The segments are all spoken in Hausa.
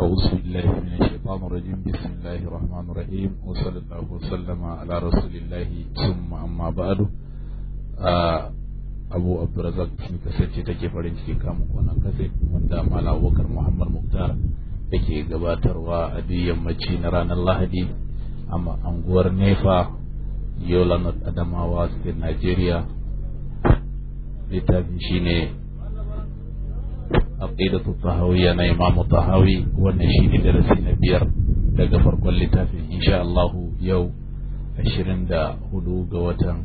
أعوذ بالله من الشيطان الرجيم بسم الله الرحمن الرحيم وصلى الله وسلم على رسول الله ثم أما Abu Abdurrazak shi kasance take farin ciki kamun kwanan kase wanda Mala Abubakar Muhammad Muktar yake gabatarwa a duk yammaci na ranar Lahadi a unguwar Nefa Yola Adamawa State Nigeria littafin shine عقيدة الطهوية أنا إمام الطهوي والنشيد درسي نبير لقفر كل تافه إن شاء الله يو عشرين دا هدو قوتن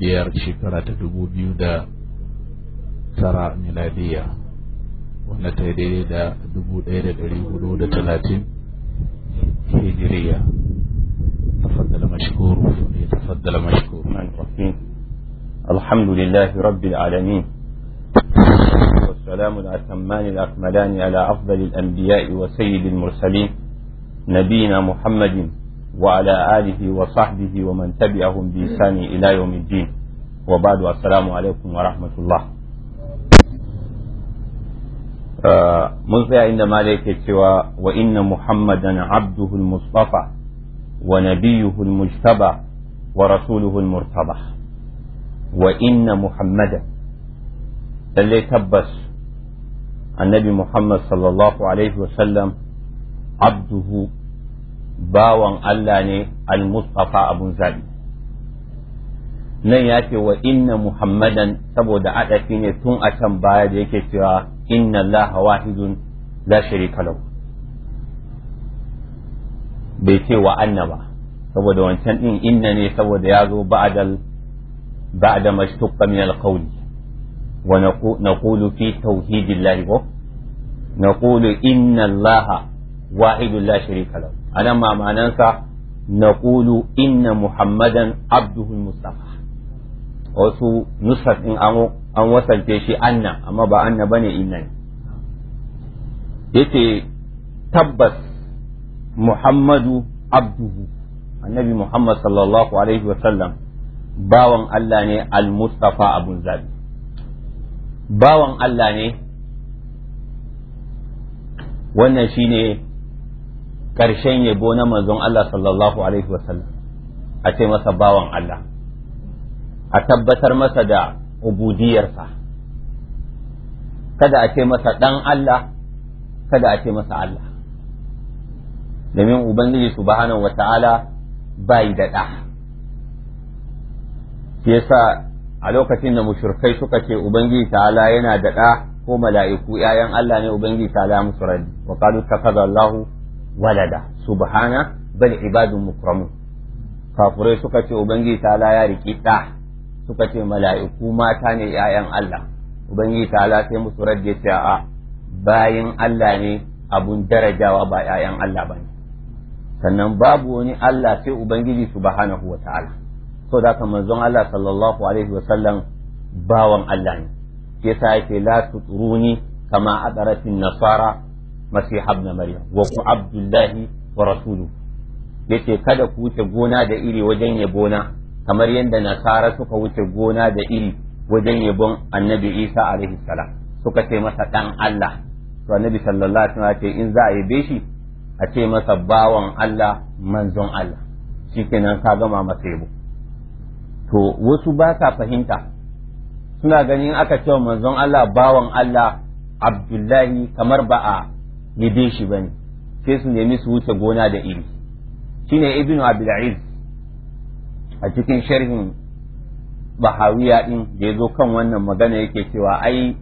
بير شكرة تدبو بيو دا سراء ميلادية ونتايدي دا دبو دايرة دري هدو دا تلاتين هجرية تفضل مشكور يتفضل مشكور الحمد لله رب العالمين والسلام الأتمان الأكملان على أفضل الأنبياء وسيد المرسلين نبينا محمد وعلى آله وصحبه ومن تبعهم بإحسان إلى يوم الدين وبعد السلام عليكم ورحمة الله آه، منذ عند مالك سوى وإن محمدا عبده المصطفى ونبيه المجتبى ورسوله المرتضى وإن محمدا اللي تبس annabi Muhammad sallallahu Alaihi wasallam abduhu bawan Allah ne al-Mustafa abun zaɓi. Nan ya ce wa inna Muhammadan saboda adafi ne tun a can baya da yake cewa inna Allah wahidun la sharika lahu. Bai ce wa anna ba, saboda wancan ɗin inna ne saboda ya zo ba'adal ba'da mashtuqqa min al-qawli ونقول في توحيد الله هو نقول إن الله واحد لا شريك له أنا ما معناه نقول إن محمدا عبده المصطفى wasu nusar ɗin an wasalte shi anna amma ba anna bane inna ne yace tabbas muhammadu abduhu annabi muhammad sallallahu alaihi wasallam bawan allah ne al-mustafa abun zabi bawan Allah ne wannan shi ne ƙarshen yabo na manzon Allah sallallahu alaihi wasallam a ce masa bawan Allah a tabbatar masa da ubudiyarsa kada a ce masa ɗan Allah kada a ce masa Allah domin ubangiji subhanahu wata'ala bai da ɗa yasa a lokacin da mushrikai suka ce ubangiji ta'ala yana da ɗa ko mala'iku ƴaƴan Allah ne ubangiji ta'ala musu raddi wa qalu takaza Allahu walada subhana bal ibadun mukramun kafurai suka ce ubangiji ta'ala ya riki ɗa suka ce mala'iku mata ne ƴaƴan Allah ubangiji ta'ala sai musu raddi ce a bayin Allah ne abun darajawa ba ƴaƴan Allah bane sannan babu wani Allah sai ubangiji subhanahu wa ta'ala so da haka manzon Allah sallallahu alaihi wa sallam bawan Allah ne yasa yake la tutruni kama adaratin nasara masih ibn maryam wa ku abdullahi wa rasulu yace kada ku wuce gona da iri wajen yabona kamar yadda nasara suka wuce gona da iri wajen yabon annabi isa alaihi salam suka ce masa dan allah to annabi sallallahu alaihi wasallam ce in za a yi shi a ce masa bawan allah manzon allah shikenan ka gama masa yabo to wasu ba sa fahimta suna ganin aka cewa manzon Allah bawan Allah Abdullahi kamar ba a yabe shi ba ne sai su nemi su wuce gona da iri shine ibnu Aziz a cikin sharhin bahawiya din da yazo kan wannan magana yake cewa ai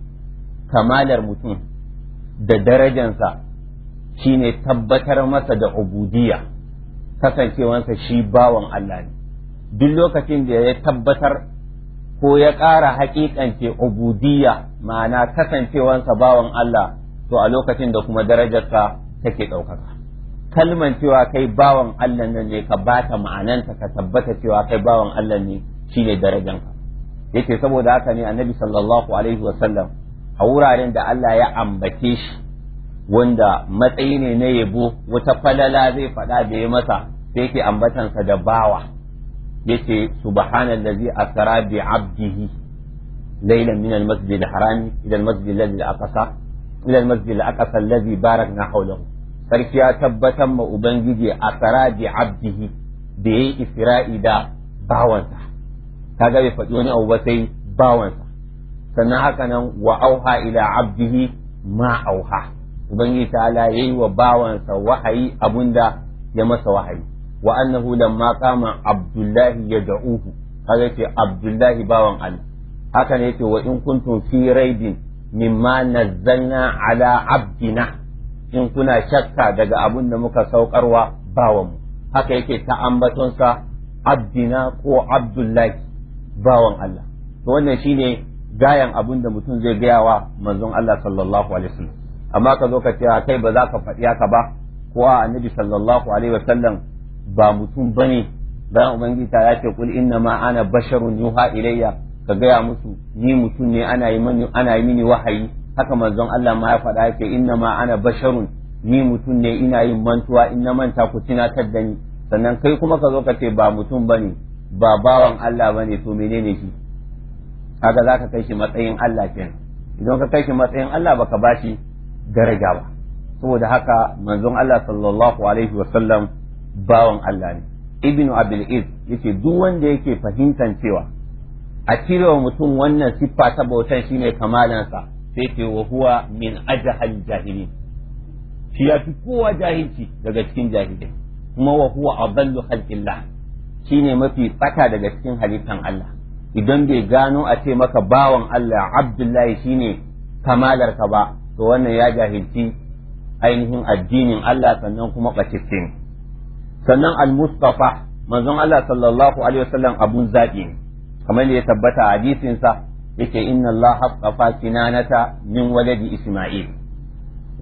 kamalar mutum da darajansa shine tabbatar masa da ubudiyya kasancewansa shi bawan Allah ne duk lokacin da ya tabbatar ko ya ƙara haƙiƙance ubudiyya ma'ana kasancewansa bawan Allah to a lokacin da kuma darajarsa take ɗaukaka kalman cewa kai bawan Allah nan ne ka bata ma'ananta ka tabbata cewa kai bawan Allah ne shine darajanka Yake saboda haka ne annabi sallallahu alaihi wasallam a wuraren da Allah ya ambace shi wanda matsayi ne na yabo wata falala zai faɗa da ya masa sai yake ambatansa da bawa yace subhanallazi asra bi abdihi laylan min almasjid alharam ila almasjid alladhi aqsa ila almasjid alaqsa alladhi barakna hawlahu sarki ya tabbatar ma ubangiji asra bi abdihi da yayi isra'i da bawansa kaga bai faɗi wani abu ba sai bawansa sannan haka nan wa auha ila abdihi ma auha ubangiji ta'ala yayi wa bawansa wahayi abunda ya masa wahayi wa annahu lamma qama abdullahi yad'uhu kaga ce abdullahi bawan Allah haka ne yake wa in kuntum fi raibin mimma nazzalna ala abdina in kuna shakka daga abin da muka saukarwa bawan mu haka yake ta ambatonsa abdina ko abdullahi bawan Allah to wannan shine gayan abin da mutum zai gaya wa manzon Allah sallallahu alaihi wasallam amma ka ka ce kai ba za ka faɗi haka ba ko annabi sallallahu alaihi wasallam ba mutum bane bayan ubangiji ta ya ce kul inna ma ana basharun yuha ilayya ka gaya musu ni mutum ne ana yi mini ana yi mini wahayi haka manzon Allah ma ya faɗa ya ce inna ma ana basharun ni mutum ne ina yin mantuwa in manta ku tunatar da ni sannan kai kuma ka zo ka ce ba mutum bane ba bawan Allah bane to menene shi haka zaka kai shi matsayin Allah kenan idan ka kai shi matsayin Allah baka bashi daraja ba saboda haka manzon Allah sallallahu alaihi wasallam bawan Allah ne ibnu abil iz yake duk wanda yake fahimtan cewa a cire wa mutum wannan siffa ta bautan shine kamalansa sai ke wa huwa min ajhal jahilin shi ya fi kowa jahilci daga cikin jahilai kuma wa huwa adallu khalqillah shine mafi tsaka daga cikin halittan Allah idan bai gano a ce maka bawan Allah Abdullahi shine ka ba to wannan ya jahilci ainihin addinin Allah sannan kuma bacicce ne sannan al-mustafa manzon Allah sallallahu alaihi wasallam abun zaɓi kamar da ya tabbata a hadisin sa yake inna Allah haqqafa kinanata min waladi Isma'il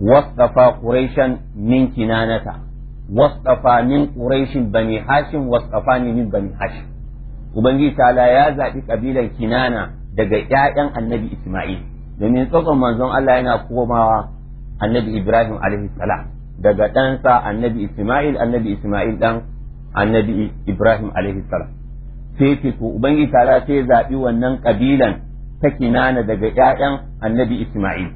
wastafa quraishan min kinanata wastafa min quraishin bani hashim wastafa min bani hashim ubangiji ta'ala ya zaɓi kabilan kinana daga ƴaƴan annabi Isma'il domin tsotson manzon Allah yana komawa annabi Ibrahim alaihi salam daga ɗansa annabi Ismail annabi Ismail ɗan annabi Ibrahim alaihi salam sai ce to ubangi tara sai ya zaɓi wannan kabilan ta kinana daga ƴaƴan annabi Ismail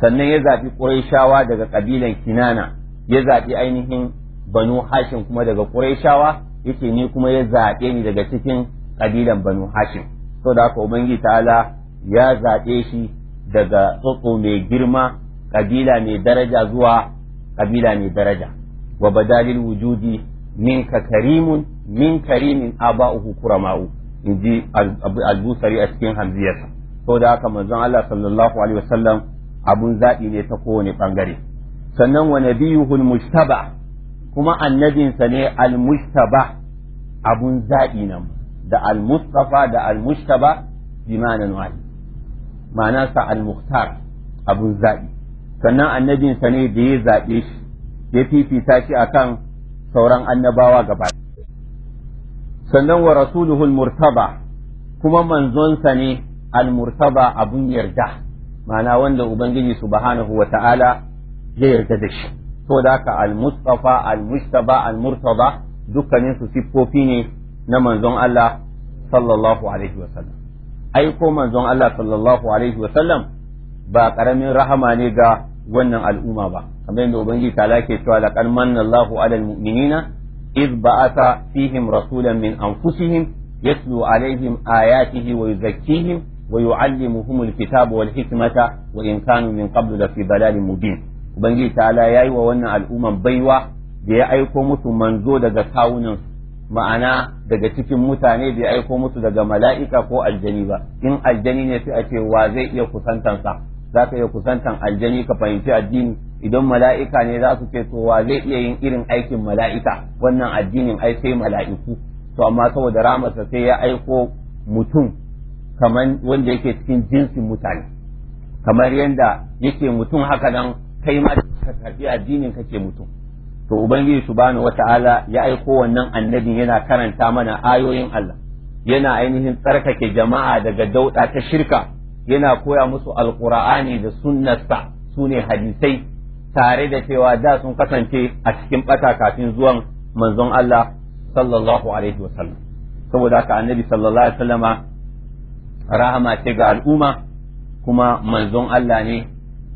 sannan ya zaɓi Qurayshawa daga kabilan kinana ya zaɓi ainihin banu Hashim kuma daga Qurayshawa yake ni kuma ya zaɓe ni daga cikin kabilan banu Hashim da haka ubangi ta'ala ya zaɓe shi daga tsotso mai girma kabila mai daraja zuwa kabila mai daraja wa badalil wujudi minka karimun min karimin aba'uhu kurama'u inji al-busari a cikin hamziyarsa saboda haka manzon Allah sallallahu alaihi abun zaɓi ne ta kowane bangare sannan wa nabiyuhul mujtaba kuma annabinsa ne al-mujtaba abun zaɓi nan da al-mustafa da al-mujtaba bimanan wahid ma'anarsa al-mukhtar abun zaɓi sannan annabinsa ne da ya zaɓe shi ya fifita shi akan sauran annabawa gaba sannan wa rasuluhul murtaba kuma manzonsa ne al-murtaba abun yarda ma'ana wanda ubangiji subhanahu wa ta'ala ya yarda da shi to da haka al-mustafa al-mustaba al-murtaba dukkanin su siffofi ne na manzon Allah sallallahu alaihi wa sallam ai ko manzon Allah sallallahu alaihi wa sallam ba karamin rahama ne ga wannan al'umma ba kamar yadda ubangiji ta ke cewa la kalmanna Allahu ala almu'minina iz ba'atha fihim rasulan min anfusihim yatlu alaihim ayatihi wa yuzakkihim wa yu'allimuhum alkitaba wal hikmata wa in kanu min qablu la fi dalalin mubin ubangiji ta yayi wa wannan al'umma baiwa da ya aiko musu manzo daga kawunan ma'ana daga cikin mutane da ya aiko musu daga mala'ika ko aljani ba in aljani ne sai a ce wa zai iya kusantansa za ka iya kusantan aljani ka fahimci addini idan mala'ika ne za su ce to wa zai iya yin irin aikin mala'ika wannan addinin ai sai mala'iku to amma saboda ramarsa sai ya aiko mutum kamar wanda yake cikin jinsin mutane kamar yadda yake mutum haka nan kai ma ka karbi addinin ka kake mutum to ubangiji subhanahu wata'ala ya aiko wannan annabin yana karanta mana ayoyin Allah yana ainihin tsarkake jama'a daga dauda ta shirka yana koya musu alkur'ani da sunnarsa sune hadisai tare da cewa da sun kasance a cikin bata kafin zuwan manzon Allah sallallahu alaihi wasallam saboda haka annabi sallallahu alaihi wasallama rahama ce ga al'umma kuma manzon Allah ne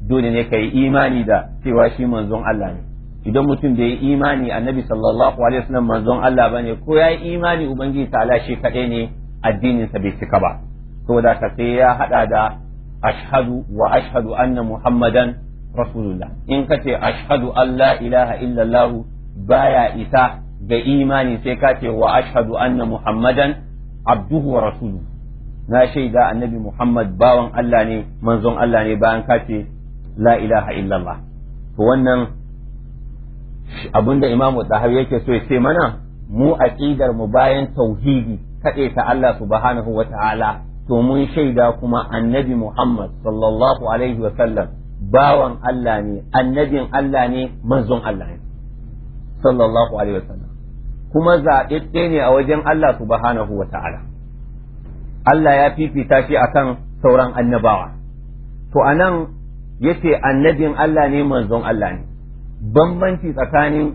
dole ne ka yi imani da cewa shi manzon Allah ne idan mutum bai yi imani annabi sallallahu alaihi wasallam manzon Allah bane ko ya yi imani ubangiji ta'ala shi kadai ne addinin sa bai cika ba saboda ka sai ya hada da ashhadu wa ashhadu anna muhammadan rasulullah in ka ce ashhadu an ilaha illallah baya isa ga imani sai ka ce wa ashhadu anna muhammadan abduhu wa rasuluhu na shaida annabi muhammad bawan Allah ne manzon Allah ne bayan ka ce la ilaha illallah to wannan abinda imamu tsahabi yake so ya ce mana mu aqidar mu bayan tauhidi kaɗe ta Allah subhanahu wa ta'ala to mun shaida kuma annabi Muhammad sallallahu alaihi wa sallam bawan Allah ne annabin Allah ne manzon Allah ne sallallahu alaihi wa sallam kuma zaɓaɓɓe ne a wajen Allah subhanahu wa ta'ala Allah ya fifita shi a kan sauran annabawa to a nan ya ce annabin Allah ne manzon Allah ne bambanci tsakanin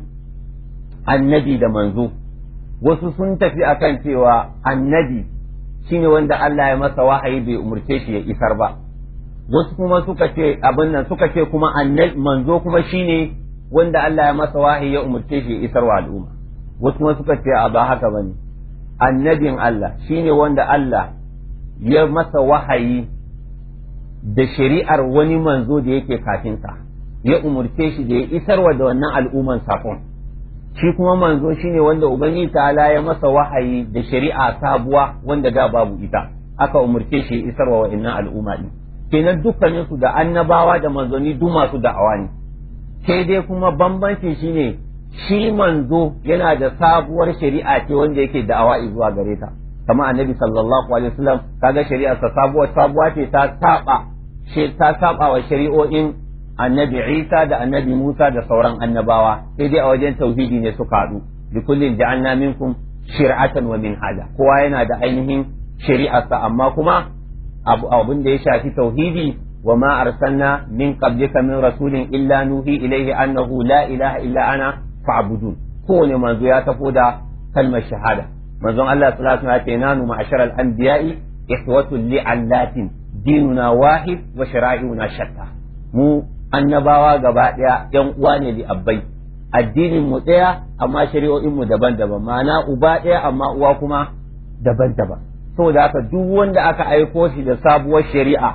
annabi da manzo wasu sun tafi akan cewa annabi shine wanda Allah ya masa wahayi bai umurce shi ya isar ba wasu kuma suka ce abin nan suka ce kuma annal manzo kuma shine wanda Allah ya masa wahayi ya umurce shi ya isar wa al'umma wasu kuma suka ce a ba haka bane annabin Allah shine wanda Allah ya masa wahayi da shari'ar wani manzo da yake kafinsa ya umurce shi da ya isarwa da wannan al'umman sakon shi kuma manzo shine wanda ubangiji ta'ala ya masa wahayi da shari'a sabuwa wanda da babu ita aka umurce shi isarwa wa innan al'umma din kenan dukkanin su da annabawa da manzoni duk masu da'awa ne sai dai kuma bambanci shine shi manzo yana da sabuwar shari'a ce wanda yake da'awa zuwa gare ta kamar annabi sallallahu alaihi wasallam kaga shari'a sabuwar sabuwa ce ta saba ta saba wa shari'o'in annabi Isa da annabi Musa da sauran annabawa sai dai a wajen tauhidi ne suka haɗu bi kullin ja'alna minkum shir'atan wa minhaja kowa yana da ainihin shari'arsa amma kuma abun da ya shafi tauhidi wa ma arsalna min qablika min rasulin illa nuhi ilayhi annahu la ilaha illa ana fa'budun kowane manzo ya tafi da kalmar shahada manzon Allah sallallahu alaihi wasallam ya ce nanu ma'asharal anbiya'i ihwatu li'allatin dinuna wahid wa shara'i'una shatta mu annabawa gaba ɗaya yan uwa ne li abbai addinin mu ɗaya amma shari'o'in mu daban-daban ma'ana uba ɗaya amma uwa kuma daban-daban saboda haka duk wanda aka aiko shi da sabuwar shari'a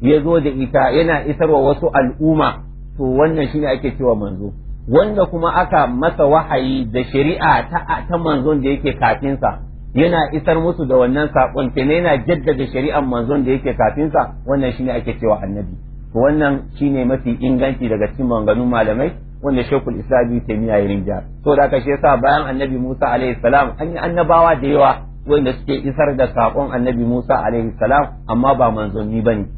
ya zo da ita yana isarwa wasu al'umma to wannan shine ake cewa manzo wanda kuma aka masa wahayi da shari'a ta, ta manzon da yake kafinsa yana isar musu da wannan saƙon kenan yana jaddada shari'ar manzon da yake kafinsa wannan shine ake cewa annabi wannan shine mafi inganci daga cikin maganganun malamai wanda shekul islam ibn taymiya ya rinja to da kashe yasa bayan annabi musa alaihi salam an yi annabawa da yawa wanda suke isar da sakon annabi musa alaihi salam amma ba manzanni bane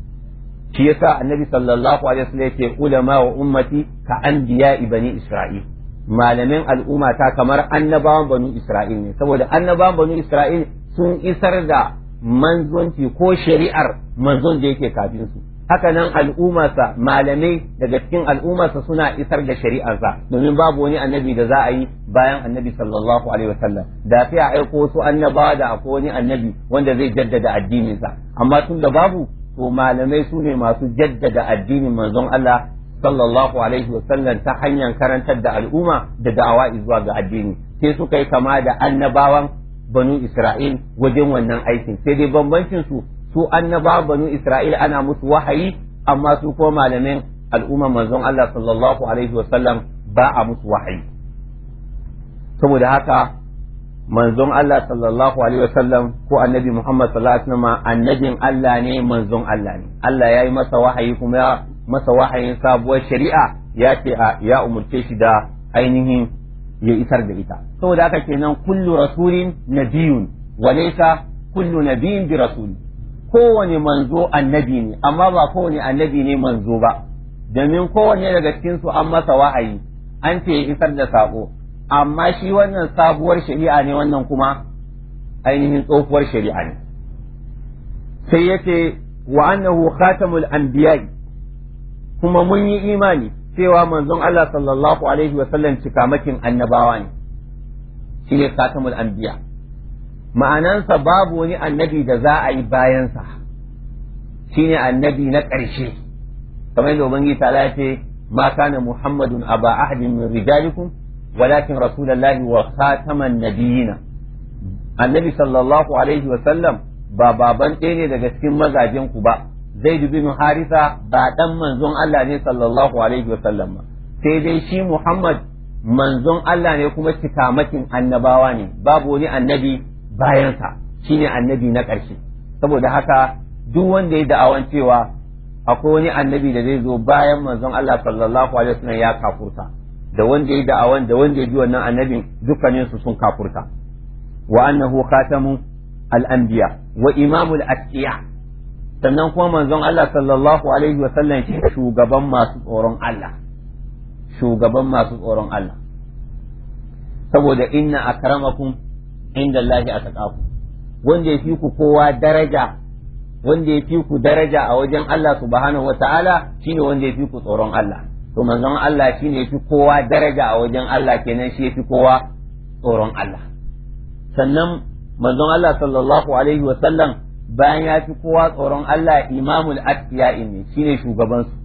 shi yasa annabi sallallahu alaihi wasallam yake ulama wa ummati ka anbiya bani isra'il malamin al'umma ta kamar annabawan banu isra'il ne saboda annabawan banu isra'il sun isar da manzonci ko shari'ar manzon da yake kafin su haka nan al'ummarsa malamai daga cikin al'ummarsa suna isar da shari'arsa domin babu wani annabi da za a yi bayan annabi sallallahu alaihi wasallam da sai a aiko su annabawa da akwai wani annabi wanda zai jaddada addininsa amma tun da babu to malamai su ne masu jaddada addinin manzon Allah sallallahu alaihi wasallam ta hanyar karantar da al'umma da da'awa zuwa ga addini sai suka yi kama da annabawan banu Isra'il wajen wannan aikin sai dai bambancin su su na banu Isra'ila ana musu wahayi amma su ko malamin al'umma manzon Allah sallallahu alaihi wasallam ba a musu wahayi saboda haka manzon Allah sallallahu alaihi wasallam ko annabi Muhammad sallallahu alaihi wasallam annabin Allah ne manzon Allah ne Allah ya yi masa wahayi kuma ya masa wahayin sabuwar shari'a ya ce ya umurce shi da ainihin ya isar da ita saboda haka kenan kullu rasulin nabiyun wa kullu nabiyyin bi rasul kowane manzo annabi ne amma ba kowane annabi ne manzo ba domin kowane daga cikin su an masa wa'ayi an ce isar da sako amma shi wannan sabuwar shari'a ne wannan kuma ainihin tsohuwar shari'a ne sai yace wa annahu khatamul anbiya'i kuma mun yi imani cewa manzon Allah sallallahu alaihi wa sallam cikamakin annabawa ne shi ne khatamul anbiya ma'anansa babu wani annabi da za a yi bayansa shi ne annabi na ƙarshe kamar yadda ubangiji ta ce ma kana muhammadun aba ahadin min rijalikum walakin rasulullahi wa khataman nabiyina annabi sallallahu alaihi wa sallam ba baban ɗaya ne daga cikin mazajen ku ba zai dubi harisa ba ɗan manzon Allah ne sallallahu alaihi wa sallam ba sai dai shi muhammad manzon Allah ne kuma cikamakin annabawa ne babu wani annabi bayansa shine annabi na ƙarshe saboda haka duk wanda ya da'awan cewa akwai wani annabi da zai zo bayan manzon Allah sallallahu alaihi wasallam ya kafurta da wanda ya da'awan da wanda ya bi wannan annabin dukkanin su sun kafurta wa annahu khatamu al-anbiya wa imamul asiya sannan kuma manzon Allah sallallahu alaihi wasallam shi shugaban masu tsoron Allah shugaban masu tsoron Allah saboda inna akramakum inda Allahi a tsaku wanda ya fi ku kowa daraja wanda ya fi ku daraja a wajen Allah subhanahu wata'ala shine wanda ya fi ku tsoron Allah to manzon Allah shine ya fi kowa daraja a wajen Allah kenan shi ya fi kowa tsoron Allah sannan manzon Allah sallallahu alaihi wa bayan ya fi kowa tsoron Allah imamul atqiya ne shine shugaban su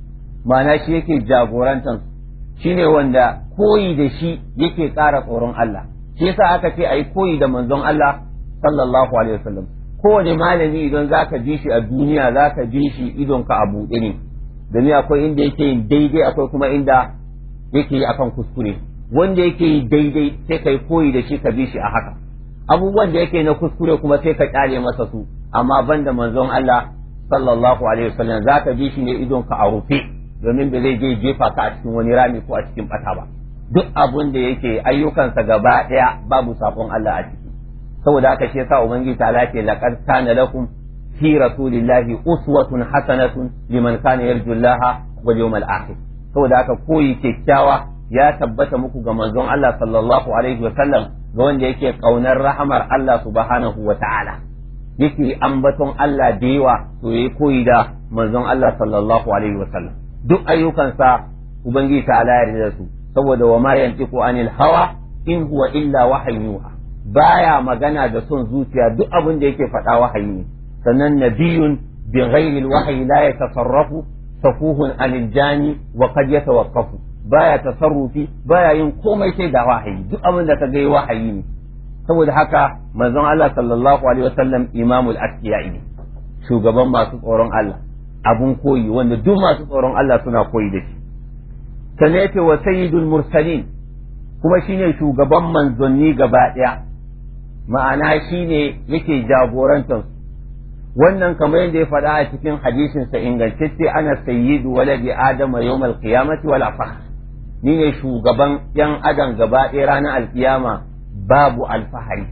ma'ana shi yake jagorantansu, shine wanda koyi da shi yake ƙara tsoron Allah shi yasa aka ce ayi koyi da manzon Allah sallallahu alaihi wasallam kowane malami idan zaka bi shi a duniya zaka ji shi idon ka a buɗe ne domin akwai inda yake yin daidai akwai kuma inda yake yi akan kuskure wanda yake yi daidai sai kai koyi da shi ka bi shi a haka abubuwan da yake na kuskure kuma sai ka kyale masa su amma banda manzon Allah sallallahu alaihi wasallam zaka bi shi ne idon ka a rufe domin ba zai je jefa ka a cikin wani rami ko a cikin bata ba duk abun da yake ayyukansa gaba ɗaya, babu sakon Allah a ciki saboda aka ce sa ubangiji ta lafiya laqad kana lakum fi rasulillahi uswatun hasanatun liman kana yarju Allah wal yawmal akhir saboda aka koyi kyakkyawa ya tabbata muku ga manzon Allah sallallahu alaihi wa sallam ga wanda yake kaunar rahamar Allah subhanahu wa ta'ala yake ambaton Allah da yawa to yayi koyi da manzon Allah sallallahu alaihi wa sallam duk ayyukansa ubangiji ta ala yarda da su saboda wa ma yantiqu anil hawa in huwa illa wahayyuha baya magana da son zuciya duk abin da yake faɗa wahayi ne sannan nabiyun bi ghayril wahyi la yatasarrafu safuhun anil jani wa qad yatawaqqafu baya tasarrufi baya yin komai sai da wahayi duk abin da kaga wahayi ne saboda haka manzon Allah sallallahu alaihi wasallam imamul atqiya ne shugaban masu tsoron Allah abun koyi wanda duk masu tsoron Allah suna koyi da shi sannan yace wa sayyidul mursalin kuma shine shugaban manzanni gaba ɗaya ma'ana shine yake jagorantar wannan kamar yadda ya faɗa a cikin hadisin sa ingantacce ana sayyidu waladi adama yawmal qiyamati wal afakh ni ne shugaban yan adam gaba ɗaya ranar alkiyama babu alfahari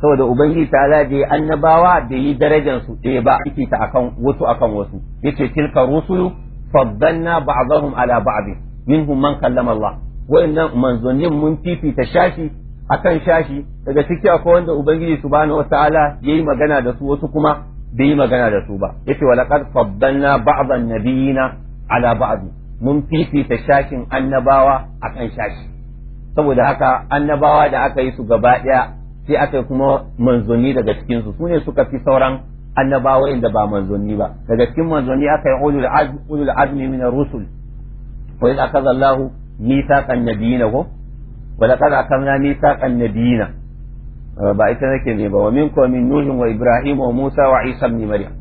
saboda ubangiji ta zaje annabawa bai yi darajar su ɗaya ba yake ta akan wasu akan wasu yace tilka rusulu faddalna ba'dahum ala ba'd minhum man kallama Allah wa'annan manzonin mun fifita shashi akan shashi daga ciki akwai wanda ubangiji subhanahu wataala yayi magana da su wasu kuma bai yi magana da su ba yace wa laqad faddalna ba'dhan nabiyina ala ba'd mun fifita shashin annabawa akan shashi saboda haka annabawa da aka yi su gaba daya sai aka yi kuma manzoni daga cikin su sune suka fi sauran annabawa inda ba manzoni ba daga cikin manzoni aka yi ulul azmi ulul azmi rusul wa idh akhadha Allahu mithaqan nabiyina ko wa laqad akamna mithaqan nabiyina eh, ba ita nake ne ba wa minkum min nuhin wa ibrahim wa musa wa isa ibn maryam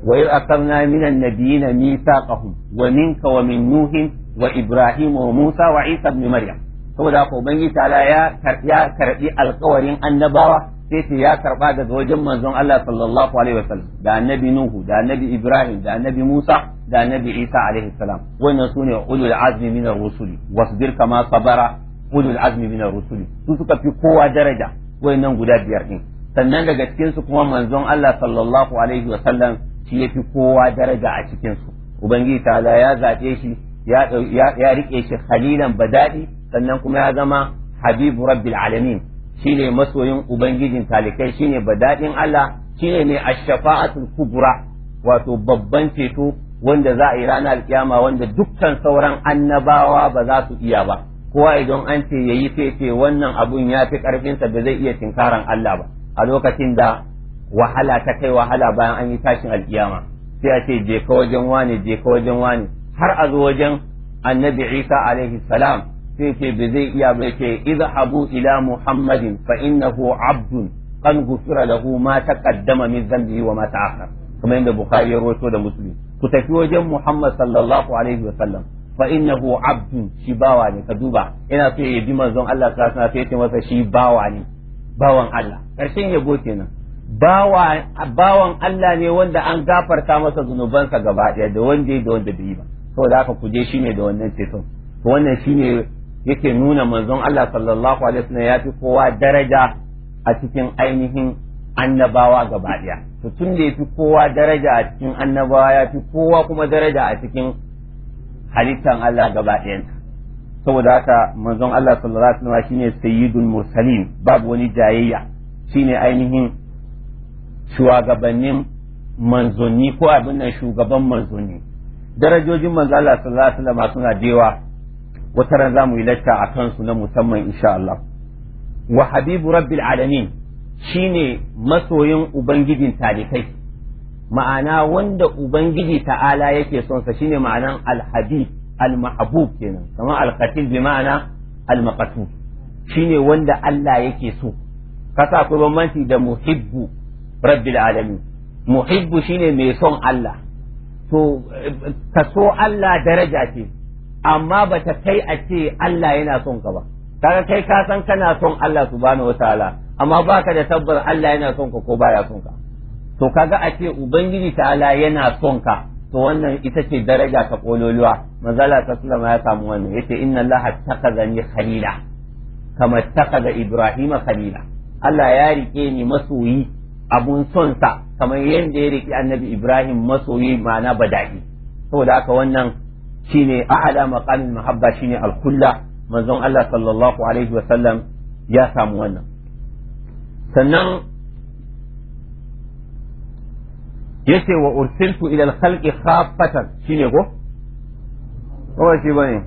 wa idh akamna min an-nabiyina mithaqahum wa minka wa min nuhin wa ibrahim wa musa wa isa ibn maryam saboda haka ubangiji ta'ala ya ya karbi alkawarin annabawa sai ce ya karba daga wajen manzon Allah sallallahu alaihi da annabi nuhu da annabi ibrahim da annabi musa da annabi Isa alaihi salam wannan sune ulul azmi min ar-rusuli wasbir kama sabara ulul azmi min ar-rusuli su suka fi kowa daraja wayannan guda biyar din sannan daga cikin su kuma manzon Allah sallallahu alaihi wa sallam shi yafi kowa daraja a cikin su ubangiji ta'ala ya zabe shi ya ya rike shi khalilan badadi sannan kuma ya zama habibu rabbil alamin shine masoyin ubangijin talikai shine badadin Allah shine mai ash-shafa'atul kubra wato babban ceto wanda za a yi ranar alkiyama wanda dukkan sauran annabawa ba za su iya ba kowa idan an ce ya yi ce wannan abun ya fi karfinsa ba zai iya tinkaran Allah ba a lokacin da wahala ta kai wahala bayan an yi tashin alkiyama sai a ce je ka wajen wane je ka wajen wane har a zo wajen annabi Isa alaihi salam sai ce ba zai iya ba ce izhabu ila muhammadin fa innahu abdun kan gufira lahu ma taqaddama min dhanbihi wa ma ta'akhkhar kamar yadda bukhari ya rawaito da muslim ku tafi wajen Muhammad sallallahu alaihi wa sallam fa innahu abdu shi bawa ne ka duba ina so ya bi manzon Allah sallallahu alaihi sallam sai ya masa shi bawa ne bawan Allah karshen yabo kenan bawa bawan Allah ne wanda an gafarta masa zunubansa gaba ɗaya da wanda da wanda bai ba saboda haka kuje shine da wannan ceton to wannan shine yake nuna manzon Allah sallallahu alaihi wa sallam ya fi kowa daraja a cikin ainihin annabawa gaba ɗaya mutum da ya fi kowa daraja a cikin annabawa ya fi kowa kuma daraja a cikin halittan Allah gaba ɗaya saboda haka manzon Allah sallallahu alaihi wasallam shine sayyidul mursalin babu wani jayayya shine ainihin shugabannin manzonni ko abin nan shugaban manzonni darajojin manzon Allah sallallahu alaihi wasallam suna dewa wata ran zamu yi lacca a kansu na musamman insha Allah wa habibu rabbil alamin shine masoyin ubangijin talikai ma'ana wanda ubangiji ta'ala yake sonsa sa ma'ana ma'anan alhabib almahbub kenan kamar alqatil bi ma'ana shi ne wanda Allah yake so kasa akwai bambanci da muhibbu rabbil alamin muhibbu shine mai son Allah to eh, ka so Allah daraja ce amma ba ta kai a ce Allah yana son ka ba kaga kai ka san kana son Allah subhanahu wataala amma baka da tabbar Allah yana son ka ko baya son ka to kaga a ce ubangiji ta'ala yana son ka to wannan ita ce daraja ta kololuwa manzala ta sallama ya samu wannan yace inna Allah takazani khalila kama takaza Ibrahima khalila Allah ya rike ni masoyi abun son sa kamar yadda ya rike annabi Ibrahim masoyi ma'ana bada'i saboda haka wannan shine a'ala maqamil mahabba shine al-kullah manzon Allah sallallahu alaihi wasallam ya samu wannan sannan Ya ce wa ursiltu ila al-khalqi khaffatan shine ko kawai shi bane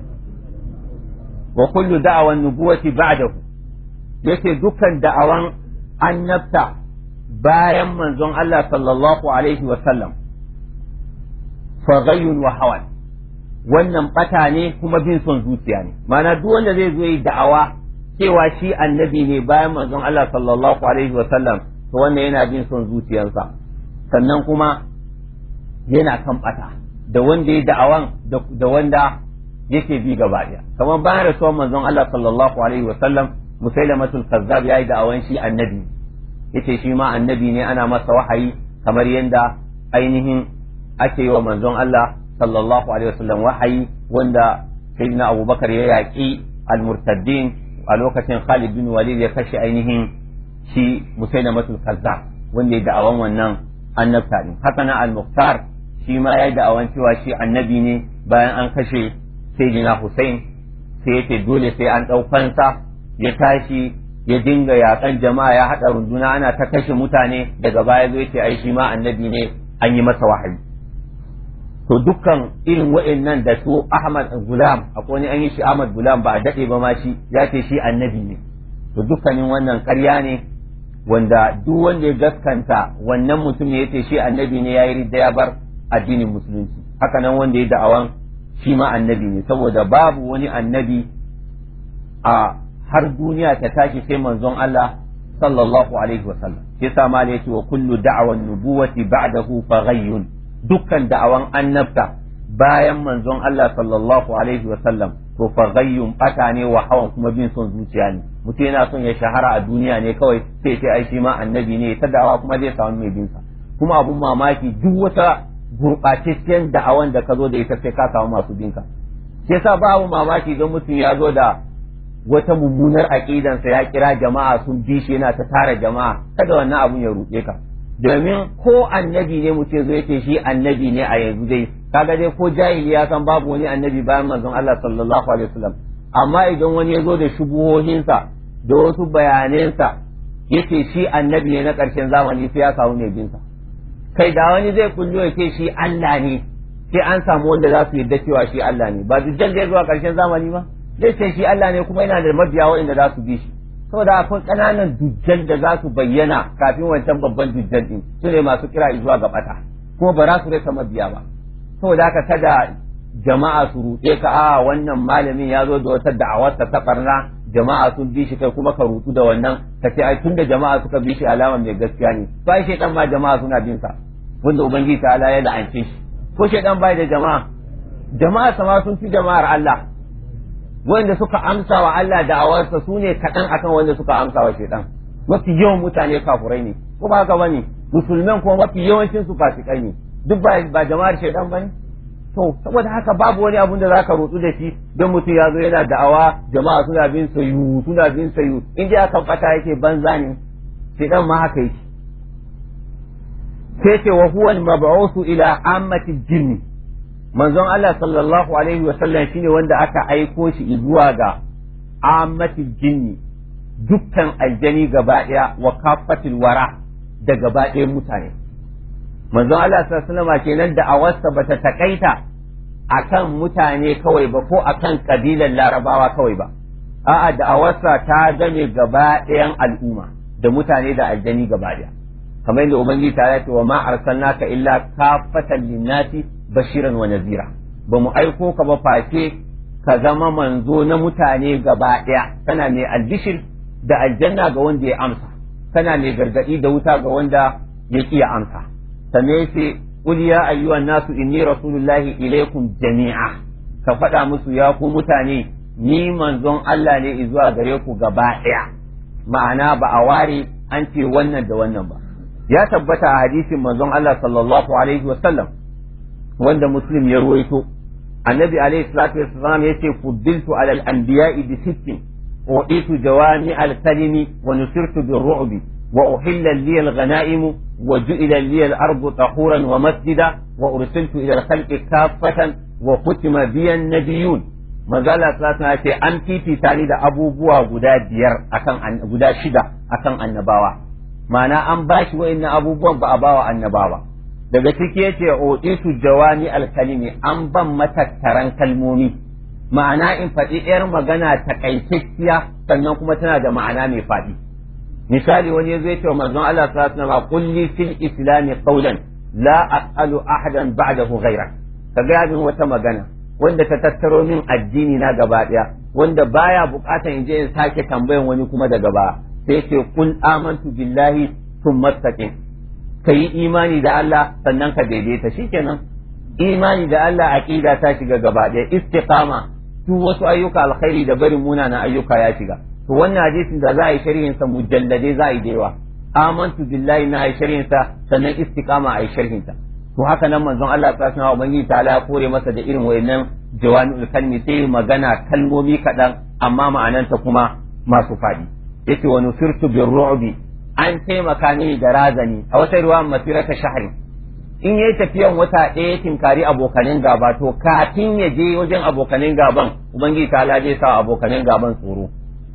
wa kullu da'awan nubuwati ba'dahu ce dukkan da'awan annabta bayan manzon Allah sallallahu alaihi wa sallam faghayyun wa hawan wannan bata ne kuma bin son zuciya ne mana duk wanda zai zo yi da'awa cewa shi annabi ne bayan manzon Allah sallallahu alaihi wa sallam to wannan yana bin son zuciyarsa sannan kuma yana kan bata da wanda ya da'awan da wanda yake bi gaba daya kamar bayan rasuwar manzon Allah sallallahu alaihi wa sallam musailamatul kazzab yayi da'awan shi annabi yace shi ma annabi ne ana masa wahayi kamar yanda ainihin ake yi wa manzon Allah sallallahu alaihi wasallam wahayi wanda sayyidina abubakar ya yaƙi almurtaddin a lokacin khalid bin walid ya kashe ainihin shi musailamatul kazzab wanda ya da'awan wannan annabta ne haka na al shi ma ya da'awan cewa shi annabi ne bayan an kashe sayyidina Husain. sai yace dole sai an ɗaukansa ya tashi ya dinga yaƙan jama'a ya haɗa runduna ana ta kashe mutane daga baya zai ce ai shi ma annabi ne an yi masa wahayi to dukkan irin wa'annan da su Ahmad Gulam akwai wani an yi shi Ahmad Gulam ba a dade ba ma shi ya ce shi annabi ne to dukkanin wannan ƙarya ne wanda duk wanda ya gaskanta wannan mutum ne yace shi annabi ne yayi ridda ya bar addinin musulunci haka nan wanda ya da'awan shi ma annabi ne saboda babu wani annabi a har duniya ta tashi sai manzon Allah sallallahu alaihi wasallam sa ma yake wa kullu da'awan nubuwati ba'dahu faghayyun dukkan da'awan annabta bayan manzon Allah sallallahu alaihi wa sallam to fa gayyun bata wa hawan kuma bin son zuciya ne mutum yana son ya shahara a duniya ne kawai sai sai ai shi ma annabi ne ta da'awa kuma zai samu mai bin kuma abun mamaki duk wata gurɓatacciyar da'awan da ka zo da ita sai ka samu masu binka. ka shi yasa babu mamaki don mutum ya zo da wata mummunar aqidansa ya kira jama'a sun bi shi yana ta tara jama'a kada wannan abun ya ruɗe ka domin ko annabi ne mu ce zo yake shi annabi ne a yanzu dai kaga dai ko jahili ya san babu wani annabi bayan manzon Allah sallallahu alaihi wasallam amma idan wani ya zo da shubuhohinsa da wasu bayanansa yace shi annabi ne na ƙarshen zamani sai ya samu mai binsa kai da wani zai kullu ya shi Allah ne sai an samu wanda za su yarda cewa shi Allah ne ba duk zai zuwa ƙarshen zamani ba zai shi Allah ne kuma yana da mabiya waɗanda za su bi shi saboda akwai ƙananan dujjan da za su bayyana kafin wancan babban dujjan din su ne masu kira zuwa ga bata kuma ba za su rasa mabiya ba saboda haka kada jama'a su ruɗe ka a wannan malamin ya zo da wata da'awarsa ta ɓarna jama'a sun bi shi kai kuma ka rutu da wannan ka ce ai tunda jama'a suka bi shi alama mai gaskiya ne ba ai ɗan ma jama'a suna bin sa wanda ubangiji ta ala ya la'ance shi ko ɗan bai da jama'a jama'a sama sun fi jama'ar Allah wanda suka amsa wa Allah da'awarsa su ne kaɗan akan wanda suka amsa wa shaitan mafi yawan mutane kafurai ne ko ba haka bane musulman kuma mafi yawancin su fasikai ne duk ba ba jama'ar shaitan bane to saboda haka babu wani abun da zaka rutsu da shi don mutum ya zo yana da'awa jama'a suna bin sayu suna bin sayu in dai aka fata yake banza ne shaitan ma haka yake sai ce wa huwa al ila ammati jinni manzon Allah sallallahu alaihi wa sallam shine wanda aka aiko shi zuwa ga ammatil jinni dukkan aljani gaba daya wa kafatil wara da gaba daya mutane manzon Allah sallallahu alaihi wa sallam kenan da awarsa bata takaita akan mutane kawai ba ko akan kabilan larabawa kawai ba a'a da awarsa ta game gaba dayan al'umma da mutane da aljani gaba daya kamar yadda ubangiji ta ce wa ma arsalnaka illa kafatan linnati. bashiran wa nazira ba mu aiko ka ba face ka zama manzo na mutane gaba ɗaya kana mai albishir da aljanna ga wanda ya amsa kana mai gargaɗi da wuta ga wanda ya ƙi amsa sannan ya ce qul ya ayyuhan nasu inni rasulullahi ilaikum jami'a ka faɗa musu ya ku mutane ni manzon Allah ne zuwa gare ku gaba ɗaya ma'ana ba a ware an ce wannan da wannan ba ya tabbata a hadisin manzon Allah sallallahu alaihi wa sallam wanda muslim ya ruwaito annabi alaihi salatu wassalam yace fuddiltu ala al-anbiya'i bi sittin uditu al-kalimi wa nusirtu bi ru'bi wa uhilla li wa ju'ila li al-ardu wa masjida wa ursiltu ila al-khalqi kaffatan wa kutima bi an-nabiyyun magala salatu yace an titi tani da abubuwa guda biyar guda shida akan annabawa mana an bashi wa'annan abubuwan ba a bawa annabawa daga ciki yace utitu jawami alkalimi an ban matattaran kalmomi ma'ana in faɗi 'yar magana takaitacciya sannan kuma tana da ma'ana mai faɗi misali wani zai ce wa manzon Allah sallallahu alaihi wasallam kulli fil islami qawlan la aqalu ahadan ba'dahu ghayra ka gaya min wata magana wanda ta tattaro min addini na gaba daya wanda baya bukatan in je in sake tambayan wani kuma daga ba sai ce kul amantu billahi thumma taqin ka yi imani da Allah sannan ka daidaita shikenan imani da Allah aqida ta shiga gaba ɗaya istiqama su wasu ayyuka alkhairi da barin munana ayyuka ya shiga to wannan hadisin da za a yi sharhin sa mujallade za a yi da amantu billahi na yi sharhin sa sannan istiqama a yi sharhin ta to haka nan manzon Allah ta sanar ubangiji ta ala kore masa da irin wayannan jawami'ul kalmi sai magana kalmomi kadan amma ma'ananta kuma masu fadi yace wa nusirtu birru'bi an taimaka ni da razani a wata ruwa masirata shahri in yayi tafiyan wata ɗaya tinkari abokanin gaba to kafin ya je wajen abokanin gaban ubangiji ta zai sa abokanin gaban tsoro